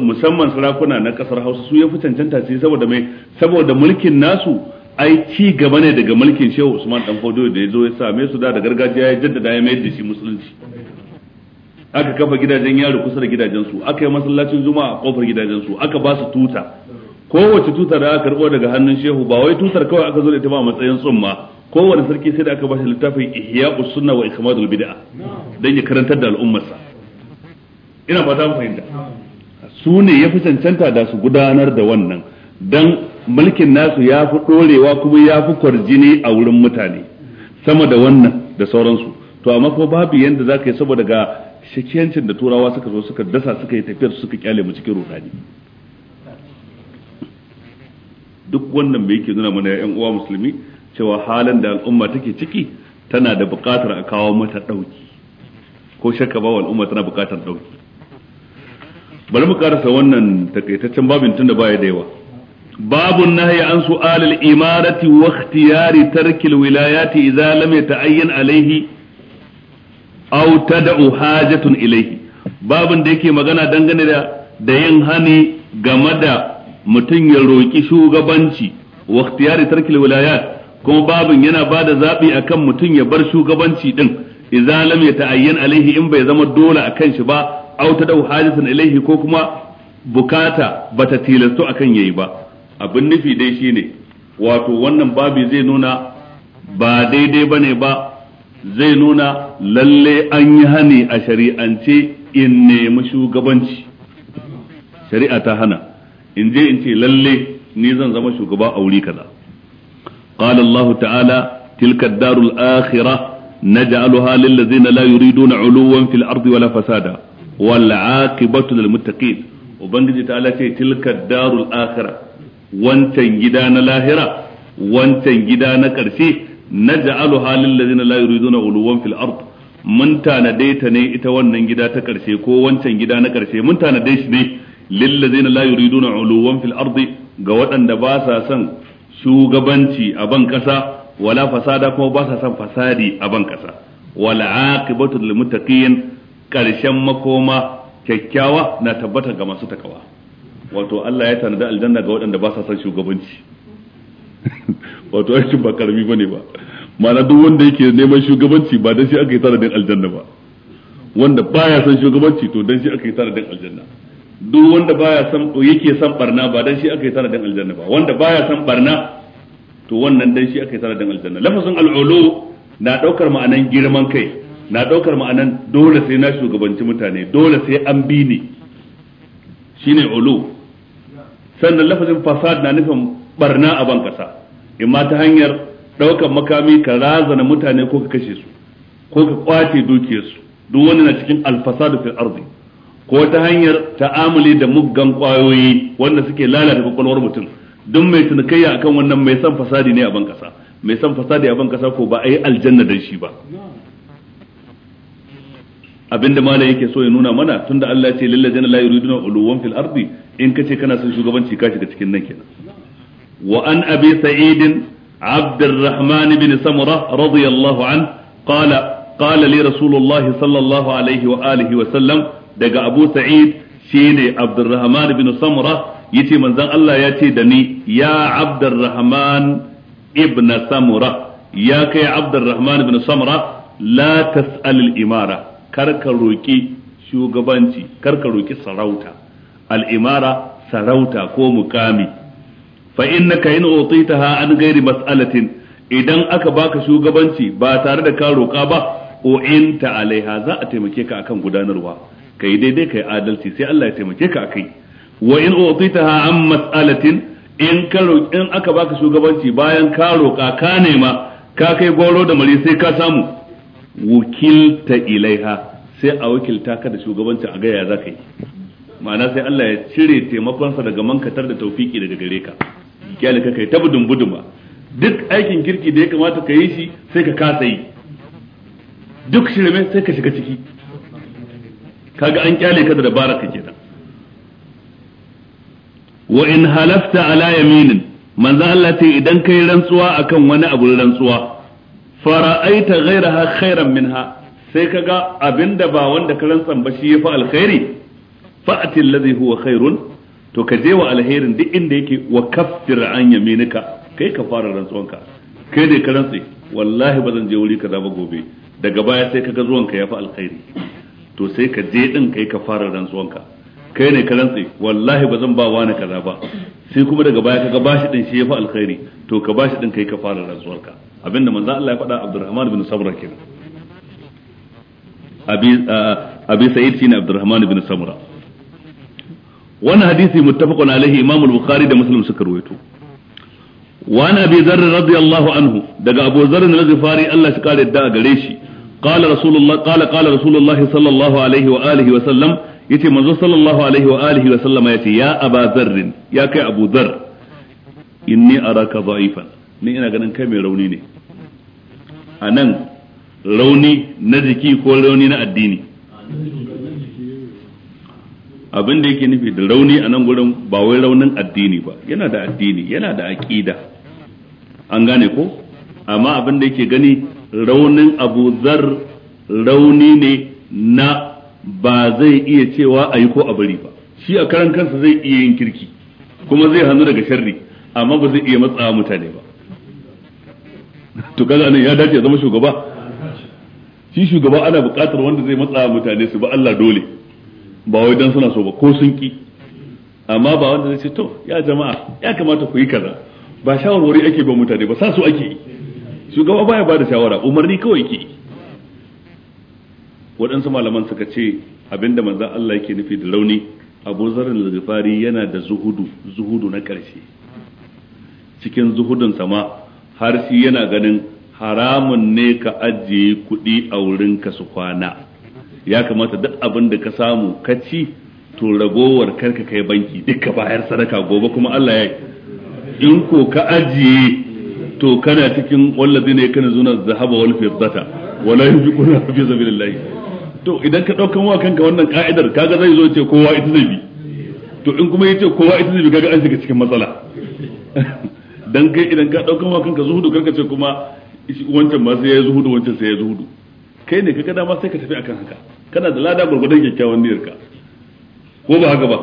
S1: musamman sarakuna na kasar Hausa su ya fi cancanta su saboda mai saboda mulkin nasu ai ci gaba ne daga mulkin Shehu Usman dan Fodo da ya zo ya same su da gargajiya ya jaddada ya mayar da shi musulunci aka kafa gidajen yaro kusa da gidajen su aka yi masallacin zuma a kofar gidajen su aka ba su tuta kowace tuta da aka karbo daga hannun Shehu ba wai tutar kawai aka zo da ta ba a matsayin tsumma kowane sarki sai da aka ba shi littafin ihya sunna wa ikmadul bid'a dan ya karantar da al'ummarsa ina fata mu fahimta su ne ya fi cancanta da su gudanar da wannan don mulkin nasu ya fi ɗorewa kuma ya fi kwarjini a wurin mutane sama da wannan da sauransu to amma kuma babu yadda za ka yi saboda ga shakiyancin da turawa suka zo suka dasa suka yi tafiyar suka kyale mu cikin ruhani duk wannan mai yake nuna mana yan uwa musulmi cewa halin da al'umma take ciki tana da buƙatar a kawo mata ɗauki ko shakka ba al'umma tana buƙatar ɗauki bari mu karasa wannan takaitaccen babin tunda baya da yawa babun nahyi an su'al al-imarati wa ikhtiyari al wilayati idza lam yata'ayyan alayhi aw tad'u hajatun ilayhi babun da yake magana dangane da da yin hani game da mutum ya roki shugabanci wa ikhtiyari tarkil wilayat kuma babun yana bada zabi akan mutum ya bar shugabanci din idza lam yata'ayyan alayhi in bai zama dole akan shi ba aw tadau halisan ilaihi ko kuma bukata bata tilasto akan yayi ba abin nufi dai shine wato wannan babi zai nuna ba daidai bane ba zai nuna lalle an yi hani a shari'ance in nemi shugabanci shari'a ta hana in je in ce lalle ni zan zama shugaba a wuri kaza qala allah ta'ala tilka ad-darul akhirah naj'alha lil ladzina la yuriduna 'uluwan fil ardi wala fasada wal aqibatu lil muttaqin ta Allah ce darul akhirah wancan gida na lahira wancan gida na karshe naj'aluha lil mun tanade ta ne ita wannan gida ta karshe ko wancan gida na karshe mun tanade shi ne lil ladina la yuriduna uluwan fil ard ga waɗanda ba sa son shugabanci a ban ƙasa wala fasada kuma ba sa son fasadi a ban ƙasa wal aqibatu lil muttaqin ƙarshen makoma kyakkyawa na tabbata ga masu takawa wato Allah ya tanada aljanna ga waɗanda ba sa san shugabanci wato aikin ba karami bane ba ma'ana duk wanda yake neman shugabanci ba dan shi aka yi tanadin aljanna ba wanda baya son shugabanci to dan shi aka yi tanadin aljanna duk wanda baya son yake son barna ba dan shi aka yi tanadin aljanna ba wanda baya son barna to wannan dan shi aka yi tanadin aljanna lafazin al'ulu na daukar ma'anan girman kai na daukar ma'anan dole sai na shugabanci mutane dole sai an bi ni shine olu sannan lafazin fasad na nufin barna a ban kasa imma ta hanyar daukar makami ka razana mutane ko ka kashe su ko ka kwace dukiyarsu duk wani na cikin alfasad fil ardi ko ta hanyar ta'amuli da muggan kwayoyi wanda suke lalata kwakwalwar mutum duk mai tunkayya akan wannan mai san fasadi ne a ban kasa mai son fasadi a ban kasa ko ba a yi aljanna dan shi ba abinda mala yake so ya nuna mana tunda Allah ce lil ladina la yuriduna uluwan fil ardi in kace kana son shugabanci ka shiga cikin nan kenan wa an abi sa'id عبد الرحمن بن سمرة رضي الله عنه قال قال لي رسول الله صلى الله عليه وآله وسلم دقى أبو سعيد شيني عبد الرحمن بن سمرة يتي من ذن الله يتي دني يا عبد الرحمن ابن سمرة يا كي عبد الرحمن بن سمرة لا تسأل الإمارة karka ka roki shugabanci karka ka roki sarauta al'imara sarauta ko mukami fa innaka in utitaha an ghairi mas'alatin idan aka baka shugabanci ba tare da ka roka ba o in ta alaiha za a taimake ka akan gudanarwa kai daidai kai adalci sai Allah ya taimake ka akai wa in utitaha an mas'alatin in ka in aka baka shugabanci bayan ka roka ka nema ka kai goro da mari sai ka samu wukilta ilaiha sai a wakilta ka da shugabanci a gaya za ka yi ma'ana sai Allah ya cire taimakonsa daga mankatar da taufiki daga gare ka kyale ka kai ta budun buduma duk aikin kirki da ya kamata ka yi shi sai ka kasa yi duk shirme sai ka shiga ciki kaga an kyale ka da dabara ka kenan wa in halafta ala yaminin manzo Allah ce idan kai rantsuwa akan wani abu rantsuwa fara'aita ghairaha khairan minha sai kaga abinda ba wanda ka rantsan ba shi ya yafi alkhairi fa'ati allazi huwa khairun to ka je wa alherin duk inda yake wa kaffir an yaminika kai ka fara rantsuwanka kai dai ka rantsi wallahi ba zan je wuri kaza ba gobe daga baya sai kaga zuwanka fa alkhairi to sai ka je din kai ka fara rantsuwanka kai ne ka rantsi wallahi ba zan ba wani kaza ba sai kuma daga baya kaga bashi din shi ya fa alkhairi to ka bashi din kai ka fara rantsuwarka abinda manzo Allah ya faɗa Abdurrahman bin Sabra kenan abi abi Sa'id shine Abdurrahman bin Sabra wannan hadisi muttafaqun alaihi Imam al-Bukhari da Muslim suka rawaito wa ana bi Dharr radiyallahu anhu daga Abu Dharr al-Ghifari Allah shi kare da gare shi qala rasulullah qala alaihi wa alihi wa sallam yace manzo sallallahu alaihi wa alihi wa sallama yace ya Abu Dharr ya kai Abu Dharr inni araka dha'ifan ni ina ganin kai mai rauni ne a nan rauni na jiki ko rauni na addini abin da yake nufi da rauni a nan gurin ba wai raunin addini ba yana da addini yana da aƙida an gane ko amma abin da yake gani raunin abu zar rauni ne na ba zai iya cewa a yi ko a bari ba shi a karan kansa zai iya yin kirki kuma zai hannu daga sharri amma ba zai iya matsawa mutane ba to ya dace ya zama shugaba shi shugaba ana buƙatar wanda zai matsa mutane su ba Allah dole ba wai dan suna so ba ko sun ki amma ba wanda zai ce to ya jama'a ya kamata ku yi kaza ba shawarwari ake ba mutane ba sa su ake yi shugaba baya bada shawara umarni kawai ke waɗansu malaman suka ce abinda manzan Allah yake nufi da launi abu Zarin al yana da zuhudu zuhudu na ƙarshe cikin zuhudun sama har shi yana ganin haramun ne ka ajiye kuɗi a wurin ka su kwana ya kamata duk abin da ka samu ka ci to ragowar karka kai banki duk ka bayar sadaka gobe kuma Allah ya yi in ko ka ajiye to kana cikin wallazi ne kana zuna zahaba wal fiddata wala yunfiquna fi sabilillah to idan ka daukan wa kanka wannan ka'idar kaga zai zo ce kowa ita zabi to in kuma yace kowa ita bi kaga an shiga cikin matsala dan kai idan ka daukan wa kanka zuhudu karka ce kuma wancan ma sai ya zuhudu wancan sai ya zuhudu kai ne kaga dama sai ka tafi akan haka kana da lada gurgudan kyakkyawan niyyarka ko ba haka ba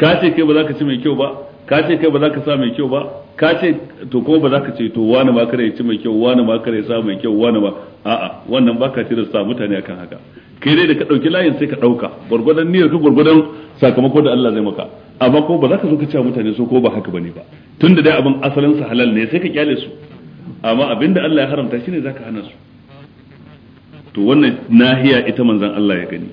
S1: ka ce kai ba za ka ci mai kyau ba ka ce kai ba za ka sa mai kyau ba ka ce to ko ba za ka ce to wani ma kare ya ci mai kyau wani ma kare ya sa mai kyau wani ma a'a wannan ba ka sa mutane akan haka kai dai da ka dauki layin sai ka dauka gurgudan niyyar ka gurgudan sakamako da Allah zai maka amma ko ba za ka zo ka cewa mutane so ko ba haka bane ba tunda dai abin asalin sa halal ne sai ka kyale su amma abin da Allah ya haramta za ka hana su to wannan nahiya ita manzon Allah ya gani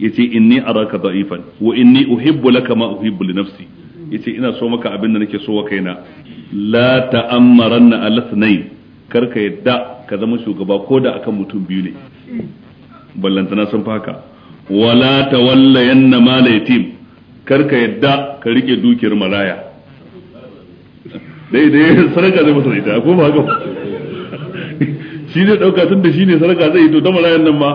S1: yace inni araka da'ifan wa inni uhibbu laka ma uhibbu li nafsi yace ina so maka abin da nake so wa kaina la ta'ammaranna ala kar ka yadda ka zama shugaba ko da akan mutum biyu ne ballantana sun faka wala tawallayanna mal yatim kar ka yadda ka rike dukiyar maraya dai dai sarka zai masa ita ko ba ga shi ne dauka tun da ne sarka zai yi to da marayan nan ma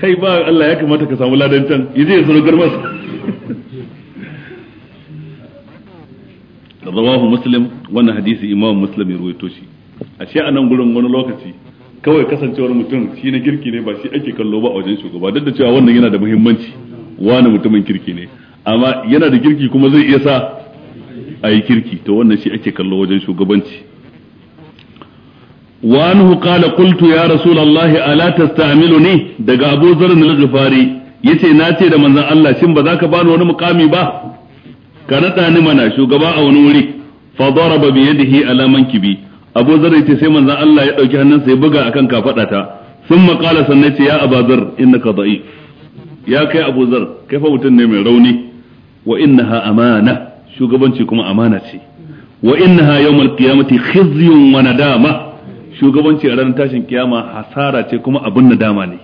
S1: kai ba Allah ya kamata ka samu ladancan yaje ya sarkar masa rawahu muslim wannan hadisi imam muslim ya ruwaito shi ashe a nan gurin wani lokaci kawai kasancewar mutum shi na kirki ne ba shi ake kallo ba a wajen shugaba duk da cewa wannan yana da muhimmanci wani mutumin kirki ne amma yana da kirki kuma zai iya sa a yi kirki to wannan shi ake kallo wajen shugabanci wa anhu qala qultu ya rasulullahi ala tastamiluni daga da Zar al-Ghifari yace na ce da manzan Allah shin ba za bani wani mukami ba ka nada ni mana shugaba a wani wuri fa daraba bi yadihi ala mankibi Abu Zar yace sai manzan Allah ya ɗauki hannunsa ya buga akan kafadata thumma qala sannan ya Abu Zar innaka da'if ya kai Abu kaifa kai ne mai rauni wa innaha amana shugabanci kuma amana ce wa innaha yawmal qiyamati khizyun wa nadama shugabanci a ranar tashin kiyama hasara ce kuma abun nadama ne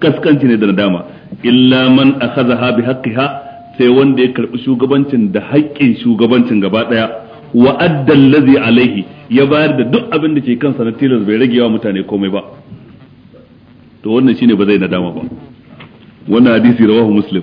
S1: kaskanci ne da nadama illa man akhadha bi haqqiha sai wanda ya karbi shugabancin da haƙƙin shugabancin gaba daya wa adda allazi alaihi ya bayar da duk abin da ke kansa na tilas bai rage wa mutane komai ba to wannan shine ba zai nadama ba wannan hadisi rawahu muslim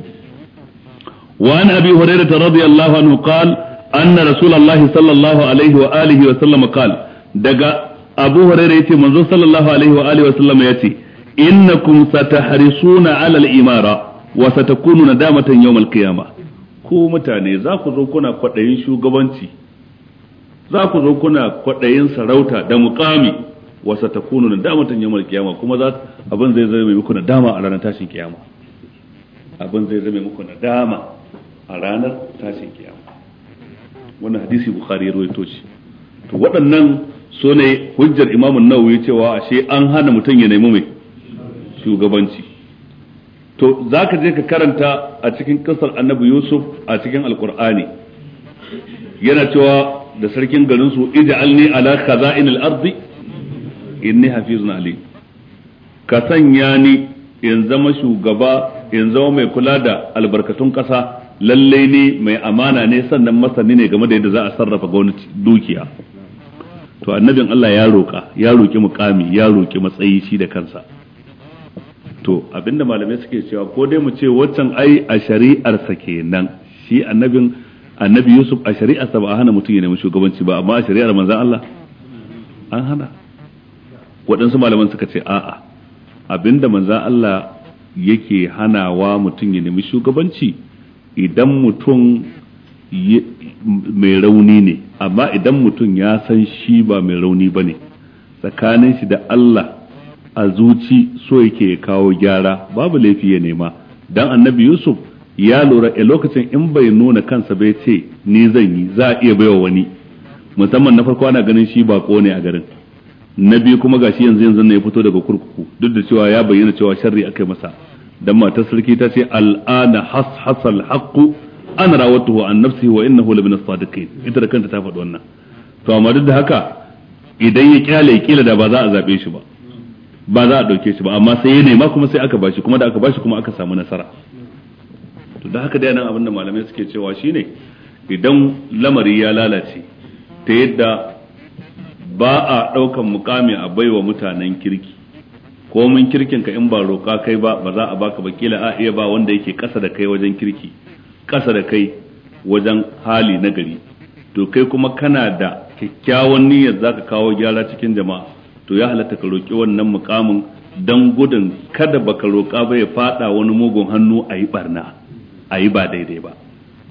S1: وعن أبي هريرة رضي الله عنه قال أن رسول الله صلى الله عليه وآله وسلم قال دقا أبو هريرة يتي منذ صلى الله عليه وآله وسلم يتي إنكم ستحرصون على الإمارة وستكون ندامة يوم القيامة ku mutane za ku zo kuna kwaɗayin shugabanci za ku zo kuna kwaɗayin sarauta da mukami wasa ta kunu na damatan kiyama kuma za abin zai zame muku na dama a ranar tashin kiyama abin zai zame muku na dama a ranar tashin kiyama wannan hadisi bukhari ya rawaito shi to waɗannan so ne hujjar imamun nawawi cewa ashe an hana mutum ya nemi mai shugabanci to zaka je ka karanta a cikin kasar annabi yusuf a cikin alkur'ani yana cewa da sarkin garin su ij'alni ala khaza'in al-ardi inni hafizun ali ka sanya ni in zama shugaba in zama mai kula da albarkatun ƙasa lallai ne mai amana ne sannan masani ne game da yadda za a sarrafa gwamnati dukiya to annabin Allah ya roƙa ya roƙi mukami ya roƙi matsayi shi da kansa to abinda malamai suke cewa ko dai mu ce waccan ai a shari'ar sa kenan shi annabin annabi Yusuf a shari'ar sa ba a hana mutum ya nemi shugabanci ba amma a shari'ar manzon Allah an hana waɗansu malaman suka ce a'a abinda manzon Allah yake hanawa mutum ya nemi shugabanci idan mutum mai rauni ne amma idan mutum ya san shi ba mai rauni ba ne tsakanin shi da Allah a zuci so yake kawo gyara babu laifi ya nema dan annabi yusuf ya lura a lokacin in bai nuna kansa bai ce ni zan yi za a iya baiwa wani musamman na farko ana ganin shi bako ne a garin na biyu kuma gashi yanzu yanzu ne ya fito daga kurkuku duk da cewa ya bayyana cewa sharri aka masa dan ta sarki ta ce al'ana has hasal haqqu ana rawatuhu an nafsihi wa innahu la min sadiqin ita da kanta ta faɗi wannan to amma duk da haka idan ya kyale kila da ba za a zabe shi ba ba za a dauke shi ba amma sai ya nema kuma sai aka bashi kuma da aka bashi kuma aka samu nasara to da haka dai nan abinda malamai suke cewa shine idan lamari ya lalace ta yadda ba a daukan mukami a baiwa mutanen kirki ko mun kirkin ka in ba roƙa kai ba ba za a baka ba kila a iya ba wanda yake ƙasa da kai wajen kirki ƙasa da kai wajen hali na gari to kai kuma kana da kyakkyawan niyyar zaka kawo gyara cikin jama'a to ya halatta ka roƙi wannan mukamin dan gudun kada baka roƙa ba ya fada wani mugun hannu a yi barna a yi ba daidai ba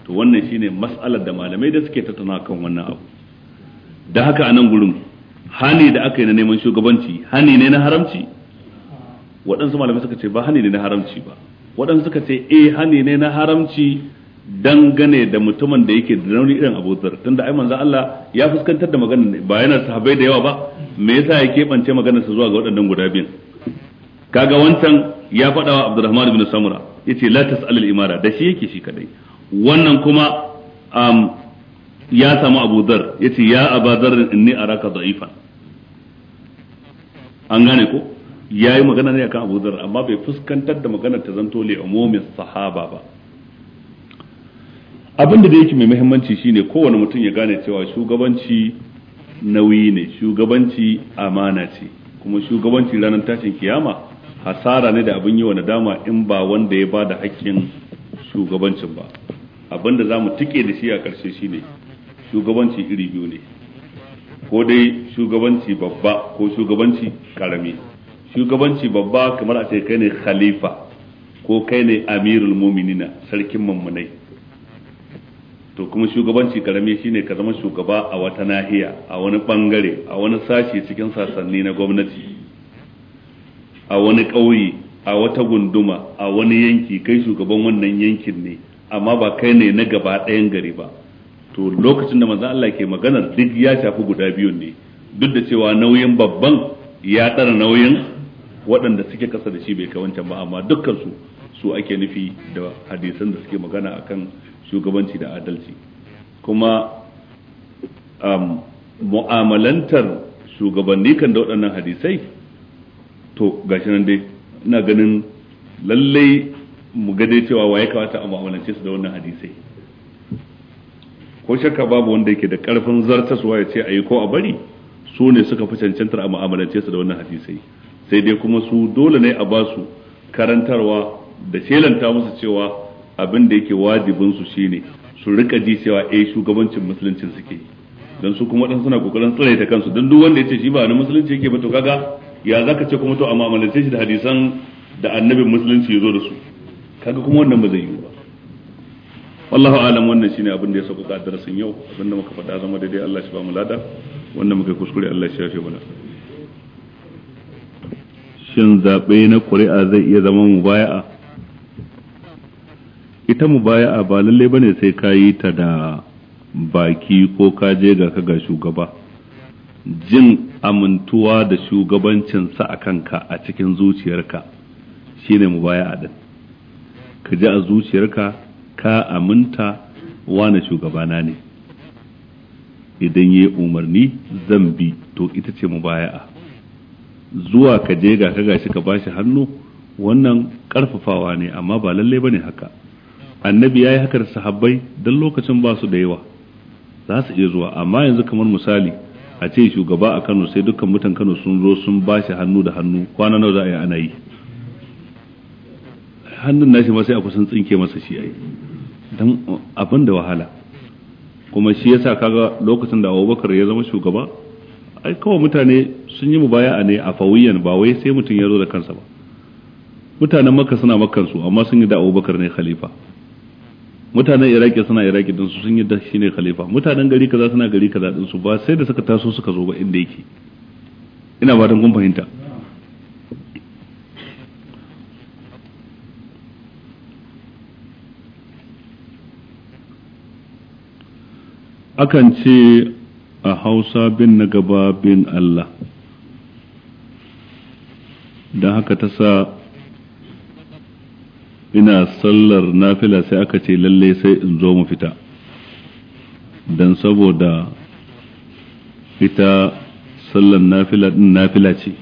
S1: to wannan shine mas'alar da malamai da suke tattauna kan wannan abu da haka a nan gurin
S2: hani da aka yi
S1: na neman shugabanci hani ne na haramci waɗansu malamai suka ce ba hani ne na haramci ba waɗansu suka ce eh hani ne na haramci dangane da mutumin da yake da nauyi irin Abu Dhar tunda ai manzo Allah ya fuskantar da maganar ba yana sahabbai da yawa ba me yasa ya keɓance maganar sa zuwa ga waɗannan guda biyan
S2: kaga wancan
S1: ya faɗa wa Abdurrahman ibn Samura yace la tas'al al-imara da shi yake shi kadai wannan kuma ya samu Abu Dhar yace ya Abu Dhar inni araka da'ifan an gane ko ya yi magana ne akan abu zar amma bai fuskantar da magana ta zanto li umumin sahaba ba abin da yake mai muhimmanci shine kowane mutum ya gane cewa shugabanci nauyi ne shugabanci amana ce kuma shugabanci ranar tashin kiyama hasara ne da abin yi wa nadama in ba wanda ya bada hakkin shugabancin ba abin da za mu tike da shi a ƙarshe shine shugabanci iri biyu ne ko dai shugabanci babba ko shugabanci karami shugabanci babba kamar a ce kai ne khalifa ko kai ne amirul muminina sarkin mummunai to kuma shugabanci karami shine ka zama shugaba a wata nahiya a wani bangare a wani sashi cikin sasanni na gwamnati a wani ƙauye a wata gunduma a wani yanki kai shugaban wannan yankin ne amma ba kai ne na gaba ɗayan gari ba to lokacin da manzon Allah ke magana duk ya shafi guda biyu ne duk da cewa nauyin babban ya tsara nauyin waɗanda suke kasa da shi bai kai wancan ba amma dukkan su su ake nufi da hadisan da suke magana akan shugabanci da adalci kuma um, mu'amalantar shugabanni kan da waɗannan hadisai to gashi nan dai ina ganin lallai mu ga dai cewa waye kamata a mu'amalance su da wannan hadisai ko shakka babu wanda yake da karfin zartaswa ya ce a yi ko a bari su ne suka fi cancantar a mu'amalance su da wannan hadisai sai dai kuma su dole ne a ba su karantarwa da shelanta musu cewa abin da yake wajibin su shine su rika ji cewa eh shugabancin musulunci suke dan su kuma dan suna kokarin tsare ta kansu dan duk wanda yace shi ba na musulunci yake ba to kaga ya zaka ce kuma to a mamalance shi da hadisan da annabin musulunci ya zo da su kaga kuma wannan ba zai yi ba wallahu alam wannan shine abin da ya sauka darasin yau abin da muka faɗa zama daidai Allah shi ba mu lada wanda muka kuskure Allah shi ya shafe mana shin zaɓe na ƙuri'a zai iya zama mubaya'a ita mubaya'a ba lalle bane sai ka yi ta da baki ko ka je ga ka ga shugaba jin amintuwa da shugabancinsa a kanka a cikin zuciyarka shine mubaya'a din ka ji a zuciyarka ka aminta wane shugabana ne idan ya umarni zan bi to ita ce mubaya'a zuwa ka je ga ka gashi ka bashi hannu wannan karfafawa ne amma ba lalle bane haka annabi yayi haka da sahabbai dan lokacin ba su da yawa za su iya zuwa amma yanzu kamar misali a ce shugaba a Kano sai dukkan mutan Kano sun zo sun bashi hannu da hannu kwana nawa za a yi ana yi hannun nashi ma sai a kusan tsinke masa shi ai dan abin da wahala kuma shi yasa kaga lokacin da Abubakar ya zama shugaba ai kawai mutane sun yi a ne a fawiyan ba wai sai mutum ya zo da kansa ba mutanen makka suna makkansu amma sun yi da abubakar ne khalifa mutanen iraki suna iraki din su sun yi da shine khalifa mutanen gari kaza suna gari kaza din su ba sai da suka taso suka zo ba inda yake ina fatan kun fahimta akan ce a hausa bin na gaba bin Allah don haka ta sa ina sallar nafila sai aka ce lalle sai in zo mu fita don saboda ita sallar nafila din nafila ce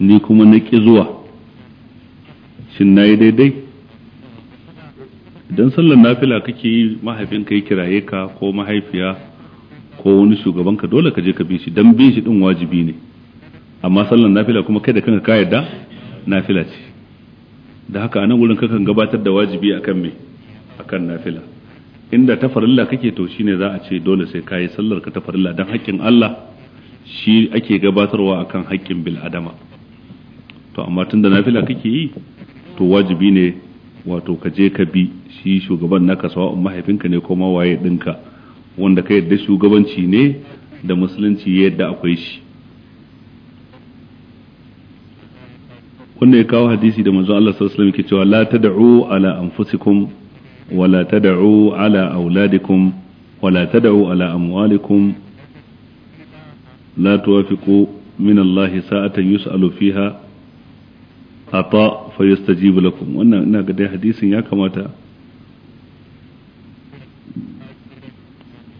S1: ni kuma na ƙi zuwa shin na yi daidai idan sallar nafila kake yi mahaifinka ya kiraye ka ko mahaifiya ko wani shugaban ka dole ka je ka bi shi dan bin shi din wajibi ne amma sallan nafila kuma kai da kanka ka yarda nafila ce da haka anan wurin kakan gabatar da wajibi akan me akan nafila inda ta farilla kake to shine za a ce dole sai kayi sallar ka ta farilla dan haƙƙin Allah shi ake gabatarwa akan haƙƙin bil adama to amma tunda nafila kake yi to wajibi ne wato ka je ka bi shi shugaban naka sawa mahaifinka ne ko ma waye ɗinka wanda ka yadda shugabanci ne da musulunci ya yadda akwai shi wanda ya kawo hadisi da manzon Allah sallallahu alaihi wasallam yake cewa la tad'u ala anfusikum wa la tad'u ala auladikum wa la tad'u ala amwalikum la tuwafiqu min Allah sa'atan yus'alu fiha ata fayastajibu lakum wannan ina ga dai hadisin ya kamata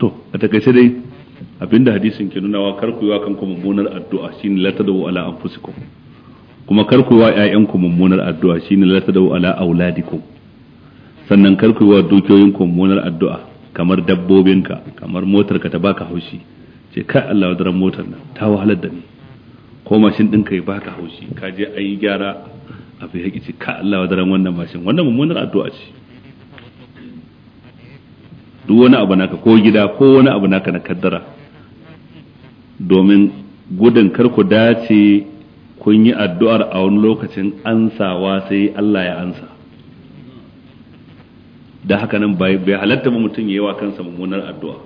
S1: to a takaice dai abinda hadisin ke nunawa kar ku yi wa kanku mummunar addu'a shine la tadawu ala anfusikum kuma kar ku yi wa ƴaƴanku mummunar addu'a shine la tadawu ala auladikum sannan kar ku yi wa dukiyoyinku mummunar addu'a kamar dabbobinka kamar motar ka ta baka haushi ce kai Allah ya daren motar nan ta wahalar da ni ko mashin din kai baka haushi ka je ayi gyara abu bai ce kai Allah ya daren wannan mashin wannan mummunar addu'a ce duk wani abu naka ko gida ko wani abu naka na kaddara domin gudun kar ku dace kun yi addu'ar a wani lokacin ansawa sai Allah ya ansa da haka nan bai halatta ba mutum ya yi wa kansa mummunar addu'a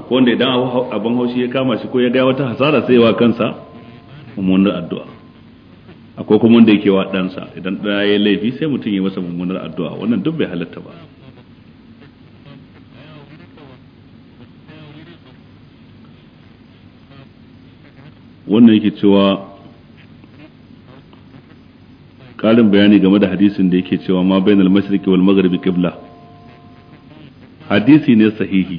S1: akwai wanda idan abin haushi ya kama shi ko ya ga wata hasara sai wa kansa mummunar addu'a akwai kuma wanda yake wa ɗansa idan ɗaya ya laifi sai mutum ya masa mummunar addu'a wannan duk bai halatta ba wannan yake cewa ƙarin bayani game da hadisin da yake cewa ma bainal mashriqi wal maghribi qibla hadisi ne sahihi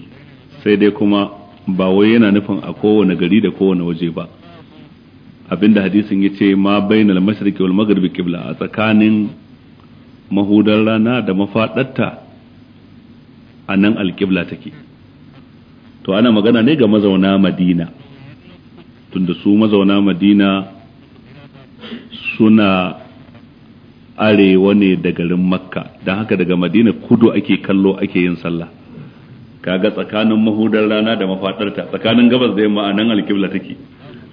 S1: sai dai kuma ba wai yana nufin a kowane gari da kowane waje ba abinda hadisin ya ce ma bainal mashriqi wal maghribi qibla a tsakanin mahudar rana da mafadarta a nan alƙibla take to ana magana ne ga mazauna madina tunda su mazauna madina suna arewa ne da garin makka don haka daga madina kudu ake kallo ake yin sallah kaga tsakanin mahudar rana da mafadarta tsakanin gabas da yamma a nan alkibla take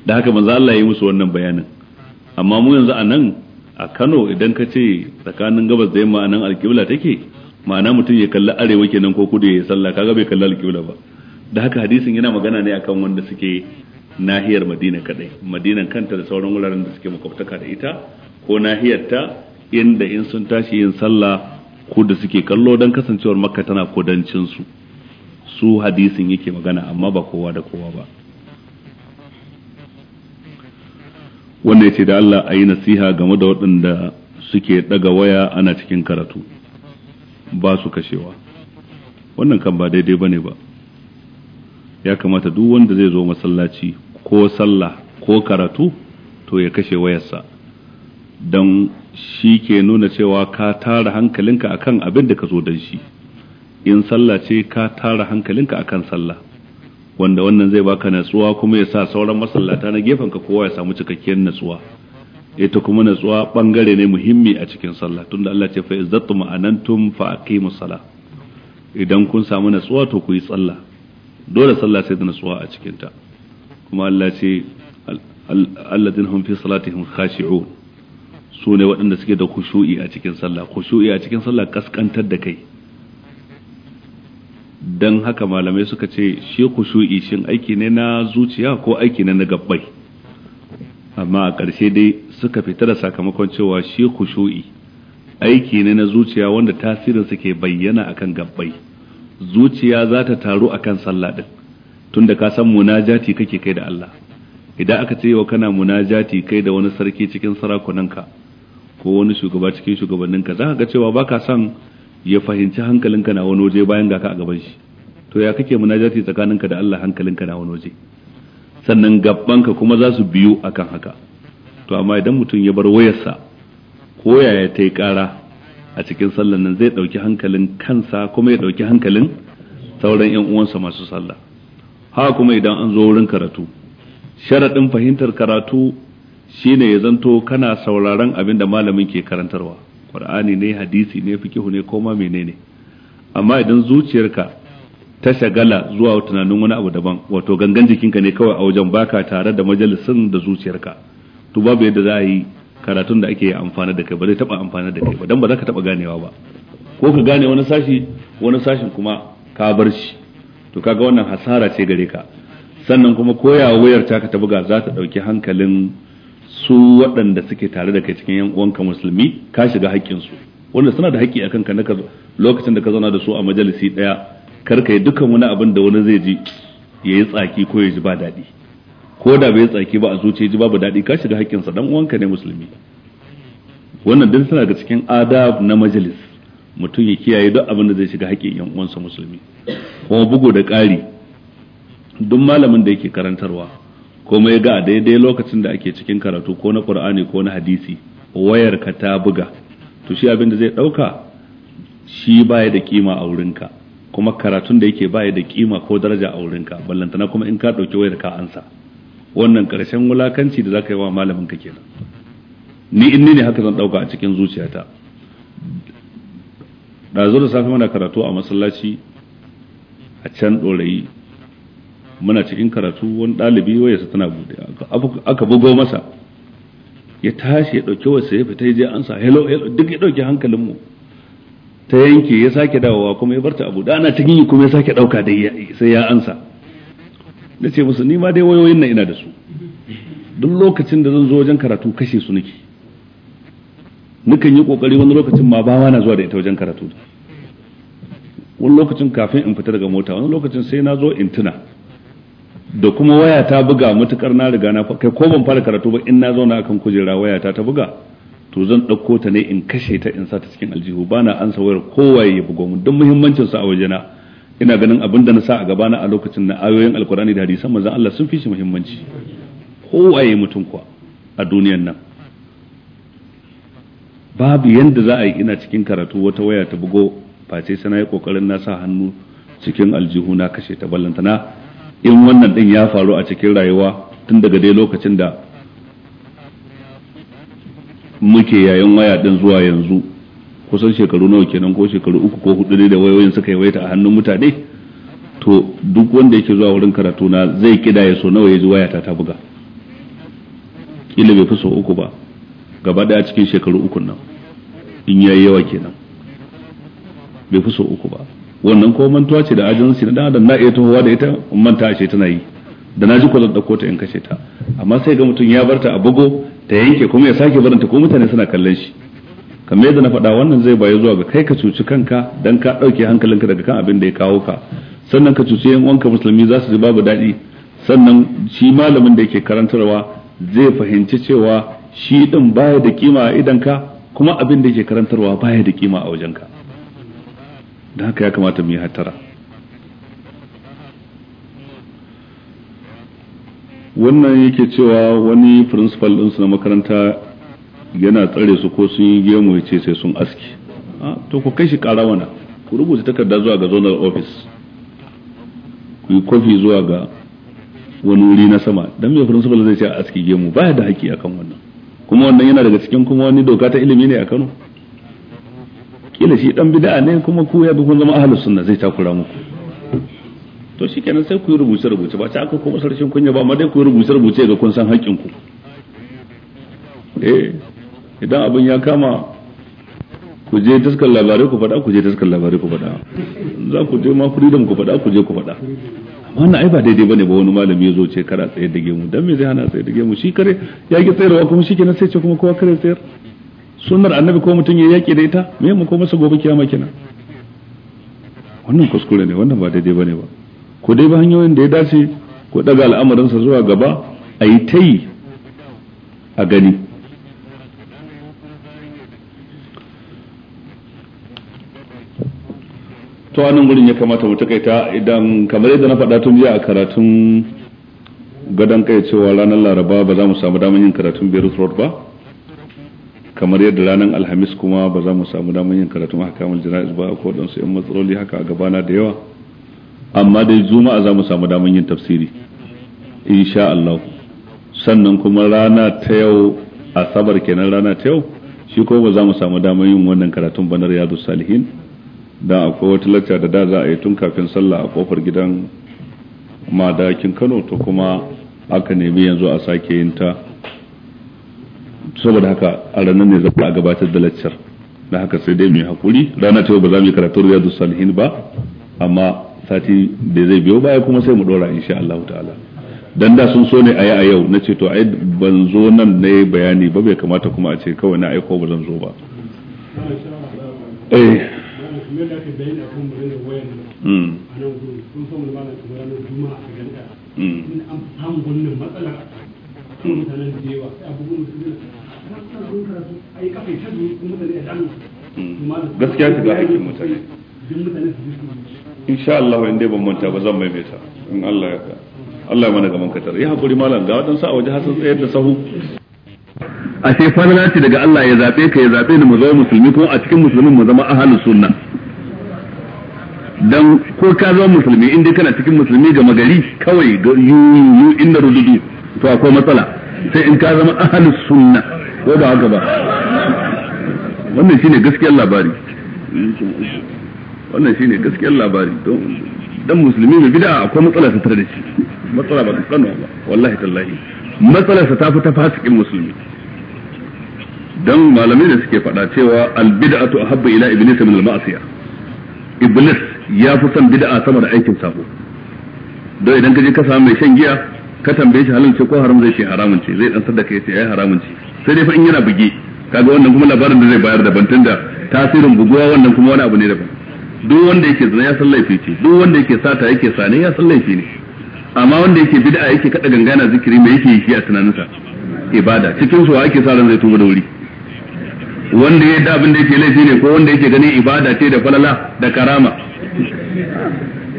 S1: da haka manzo Allah ya yi musu wannan bayanin amma mu yanzu a nan a Kano idan ka ce tsakanin gabas da yamma a nan alkibla take ma'ana mutum ya kalli arewa kenan ko kudu ya yi sallah kaga bai kalli alkibla ba da haka hadisin yana magana ne akan wanda suke nahiyar madina kadai madinan kanta da sauran wuraren da suke makwabtaka da ita ko nahiyar ta inda in sun tashi yin sallah ko da suke kallo don kasancewar makka tana kudancin su su hadisin yake magana amma ba kowa da kowa ba wanda ya ce da Allah a yi nasiha game da waɗanda suke ɗaga waya ana cikin karatu ba su kashewa wannan kan ba daidai ba ne ba ya kamata duk wanda zai zo masallaci ko sallah ko karatu to ya kashe wayarsa don shi ke nuna cewa ka tara hankalinka akan abin da ka zo don shi in sallah ce ka tara hankalinka akan sallah wanda wannan zai baka natsuwa kuma ya sa sauran masallata na gefen ka kowa ya samu cikakkiyar natsuwa ita kuma natsuwa bangare ne muhimmi a cikin sallah tunda Allah ce fa izzatu ma'anantum fa aqimus salah idan kun samu natsuwa to ku yi sallah dole sallah sai da natsuwa a cikin ta kuma Allah ce alladin hum fi salatihim khashi'un su ne waɗanda suke da khushu'i a cikin sallah khushu'i a cikin sallah kaskantar da kai dan haka malamai suka ce shi khushu'i shin aiki ne na zuciya ko aiki ne na gabbai amma a ƙarshe dai suka fita da sakamakon cewa shi khushu'i aiki ne na zuciya wanda tasirin ke bayyana akan gabbai zuciya za ta taru akan sallah din tunda ka san munajati kake kai da Allah idan aka ce wa kana munajati kai da wani sarki cikin sarakunanka ko wani shugaba cikin shugabanninka za ka ga cewa baka son ya fahimci hankalinka na wani waje bayan ga ka a gaban shi to ya kake munajati tsakaninka da Allah hankalinka na wani waje sannan gabbanka kuma za su biyu akan haka to amma idan mutum ya bar wayarsa ko yaya ta yi kara a cikin sallan nan zai ɗauki hankalin kansa kuma ya ɗauki hankalin sauran yan uwansa masu sallah ha kuma idan an zo wurin karatu sharaɗin fahimtar karatu shine ya zanto kana sauraron abin da malamin ke karantarwa qur'ani ne hadisi ne fikihu ne koma menene amma idan zuciyarka ta shagala zuwa tunanin wani abu daban wato gangan jikinka ne kawai a wajen baka tare da majalisin da zuciyarka to babu yadda za a yi karatun da ake amfana da kai ba zai taba amfana da kai ba dan ba za ka taba ganewa ba ko ka gane wani sashi wani sashin kuma ka bar shi to kaga wannan hasara ce gare ka sannan kuma koya wayar taka ta buga za ta dauki hankalin su waɗanda suke tare da kai cikin yan uwanka musulmi ka shiga haƙƙin su wanda suna da haƙƙi akan ka na lokacin da ka zauna da su a majalisi ɗaya kar ka yi dukkan wani abin da wani zai ji ya yi tsaki ko ya ji ba daɗi ko da bai tsaki ba a zuciya ji babu daɗi ka shiga haƙƙinsa dan uwanka ne musulmi wannan duk suna daga cikin adab na majalis mutum ya kiyaye duk abin da zai shiga haƙƙin yan uwansa musulmi kuma bugu da ƙari duk malamin da yake karantarwa kuma ya ga daidai lokacin da ake cikin karatu ko na Qur'ani ko na hadisi wayar ka ta buga to shi abin da zai ɗauka shi baya da kima a wurinka kuma karatun da yake baya da kima ko daraja a wurinka ballantana kuma in ka ɗauki wayar ka ansa wannan ƙarshen wulakanci da za ka yi wa malamin ka kenan ni in ni ne haka zan ɗauka a cikin zuciyata ɗazu da safe muna karatu a masallaci a can ɗorayi muna cikin karatu wani ɗalibi su tana bude? aka bugo masa ya tashi ya ɗauki wasu ya fita je ansa hello hello duk ya ɗauki hankalinmu ta yanke ya sake dawowa kuma ya barta abu da ana cikin yi kuma ya sake ɗauka dai sai ya ansa na ce musu ni ma dai wayoyin na ina da su duk lokacin da zan zo wajen karatu kashe su nake nukan yi kokari wani lokacin ma ba na zuwa da ita wajen karatu wani lokacin kafin in fita daga mota wani lokacin sai na zo in tuna da kuma waya ta buga matukar na riga na kai ko ban fara karatu ba in na zauna akan kujera waya ta ta buga to zan ɗauko ta ne in kashe ta in sa ta cikin aljihu ba na ansa wayar kowaye ya bugo mun don muhimmancin sa a wajena ina ganin abin da na sa a gaba na a lokacin na ayoyin alkurani da hadisan manzon Allah sun fi shi muhimmanci kowaye mutum kuwa a duniyan nan babu yadda za a yi ina cikin karatu wata waya ta bugo face sana yi kokarin na sa hannu cikin aljihu na kashe ta ballantana in wannan din ya faru a cikin rayuwa tun daga dai lokacin da muke yayin waya din zuwa yanzu kusan shekaru nawa kenan ko shekaru uku ko hudu ne da wayoyin suka yawaita a hannun mutane to duk wanda yake zuwa wurin karatu na zai kida ya so nawa ya ji waya ta ta buga kila bai fi so uku ba gaba daya cikin shekaru uku nan in yi yawa kenan bai fi so uku ba wannan ko mantuwa ce da ajansi na dan adam na iya tahowa da ita manta ashe tana yi da na ji kwazon ɗauko ta in kashe ta amma sai ga mutum ya barta a bugo ta yanke kuma ya sake barinta ko mutane suna kallon shi kamar yadda na faɗa wannan zai bayu zuwa ga kai ka cuci kanka dan ka ɗauke hankalinka daga kan abin da ya kawo ka sannan ka cuci yan uwanka musulmi za su ji babu daɗi sannan shi malamin da yake karantarwa zai fahimci cewa shi din baya da kima a idanka kuma abin da ke karantarwa baya da kima a wajenka don haka ya kamata mu yi hattara wannan yake cewa wani principal su na makaranta yana tsare su ko sun yi gemu ya ce sai sun aski to ku kai shi ƙara wana ku rubuta takarda zuwa ga zonar office ku yi kofi zuwa ga wani wuri na sama don mai principal zai ce a aski gemu baya da haƙi akan wannan kuma wannan yana daga cikin kuma wani doka ta ilimi ne a Kano kila shi dan bid'a ne kuma ku ya kun zama ahlus sunna zai takura muku to shikenan sai ku yi rubuce rubuce ba ta aka kuma sarshin kunya ba amma dai ku yi rubuce rubuce ga kun san haƙƙin ku eh idan abin ya kama ku je taskar labarai ku faɗa ku je taskar labarai ku faɗa za ku je ma freedom ku faɗa ku je ku faɗa na ai ba daidai bane ba wani malami ya zo ce kara tsaye da gemu dan me zai hana tsaye da gemu shi kare ya ki tsayarwa kuma shi kenan sai ce kuma kowa kare tsayar sunnar annabi ko mutum ya yaki da ita me mu ko masa gobe kiyama kenan wannan kuskure ne wannan ba daidai bane ba Ko dai ba hanyoyin da ya dace ko daga sa zuwa gaba a yi a gani to anan gurin ya kamata mu ta idan kamar yadda na faɗa tun jiya a karatun gadon kai cewa ranar laraba ba za mu samu damar yin karatun beirut road ba kamar yadda ranar alhamis kuma ba za mu samu damar yin karatun hakamul jira'iz ba ko dan su yan matsaloli haka a gabana da yawa amma dai juma'a za mu samu damar yin tafsiri insha Allah sannan kuma rana ta yau asabar kenan rana ta yau shi ko ba za mu samu damar yin wannan karatun banar yadu salihin da akwai wata lacca da da za a yi tun kafin sallah a kofar gidan madakin kano to kuma aka nemi yanzu a sake yin ta saboda haka a ranar ne za a gabatar da laccar da haka sai dai mai hakuri rana ce ba za mu yi karatun riyadu salihin ba amma sati da zai biyo baya kuma sai mu dora insha Allah ta'ala dan da sun so ne a yi a yau na ce to ai ban zo nan na yi bayani ba bai kamata kuma a ce kawai na aiko ba zan zo ba
S2: eh. kamar da aka bayani akan murin da wayan hmm. a nan gudu sun samu da malam kamar ranar juma'a a ganta in hmm. an samu wannan matsalar a mutanen da yawa sai abubuwan su ne a kan sun karatu a yi kafa ta kuma da ne a dano gaskiya shiga aikin mutane
S1: insha Allah in dai ban manta ba zan maimaita in Allah ya Allah ya mana gaman katar ya hakuri malam ga wadansu a waje hasan tsayar da sahu ashe fadala ce daga Allah ya zabe ka ya zabe ni mu zama musulmi ko a cikin musulmin mu zama ahlus sunna dan ko ka zama musulmi in dai kana cikin musulmi ga magari kawai ga yuyu inda rududu to akwai matsala sai in ka zama ahlus sunna ko ba haka ba wannan shine gaskiyar labari wannan shine gaskiyar labari don dan musulmi mai bid'a akwai matsala ta tare da shi matsala ba kan ba wallahi tallahi matsala ta fi ta fasikin musulmi dan malamai da suke faɗa cewa al bid'atu ahabba ila iblis min al ma'siyah iblis ya fi son bid'a sama da aikin sabo don idan ka je ka samu mai shan giya ka tambaye shi halin ce ko haram zai ce haramun ce zai dan da kai sai ai haramun ce sai dai fa in yana buge kaga wannan kuma labarin da zai bayar daban tunda tasirin buguwa wannan kuma wani abu ne daban duk wanda yake zina ya san laifi ce duk wanda yake sata yake sane ya san laifi ne amma wanda yake bid'a yake kada gangana zikiri mai yake yi a tunaninsa ibada cikin su ake sa ran zai tuba da wuri wanda ya da abin da yake laifi ne ko wanda yake ganin ibada ce da falala da karama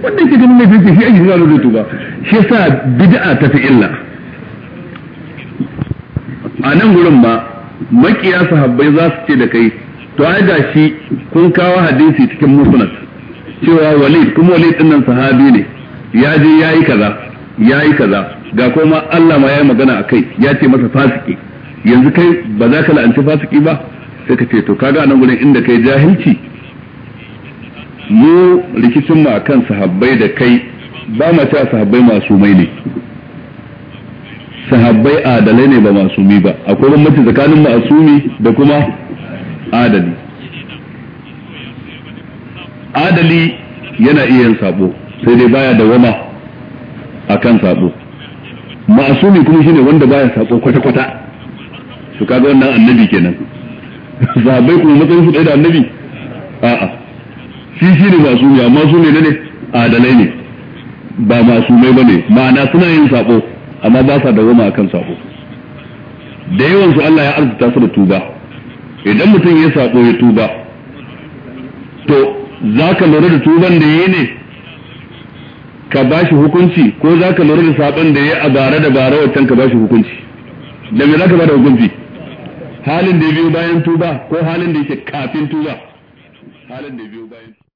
S1: wanda yake ganin laifi ce shi ake zuwa zai tuba shi yasa bid'a ta fi illa a nan gurin ba makiya sahabbai za su ce da kai to ai da shi kun kawo hadisi cikin musnad cewa walid kuma wali din nan sahabi ne ya je yayi kaza yayi kaza ga kuma Allah ma yayi magana akai ya ce masa fasiki yanzu kai ba za ka la'anci fasiki ba sai ka ce to kaga nan gurin inda kai jahilci mu rikicin mu akan sahabbai da kai ba ma cewa sahabbai masumai ne sahabbai adalai ne ba masumi ba akwai bambanci tsakanin masumi da kuma adali adali yana iya yin sabo sai dai baya da wama akan sabo masumi kuma shine wanda baya sabo kwata-kwata to kaga wannan annabi kenan sahabbai kuma matsayin su ɗaya da annabi a'a shi shi ne masu ne amma su ne ne adalai ne ba masu mai bane ma'ana suna yin sako amma ba sa dawoma akan sako da yawan su Allah ya arzuta su da tuba idan mutum ya sako ya tuba to za ka lura da tuban da ya ne ka ba shi hukunci ko za ka lura da saban da ya a bare da bare wancan ka ba shi hukunci
S2: da me ba da hukunci halin da ya biyo bayan tuba ko halin da yake kafin tuba
S1: halin da ya biyo bayan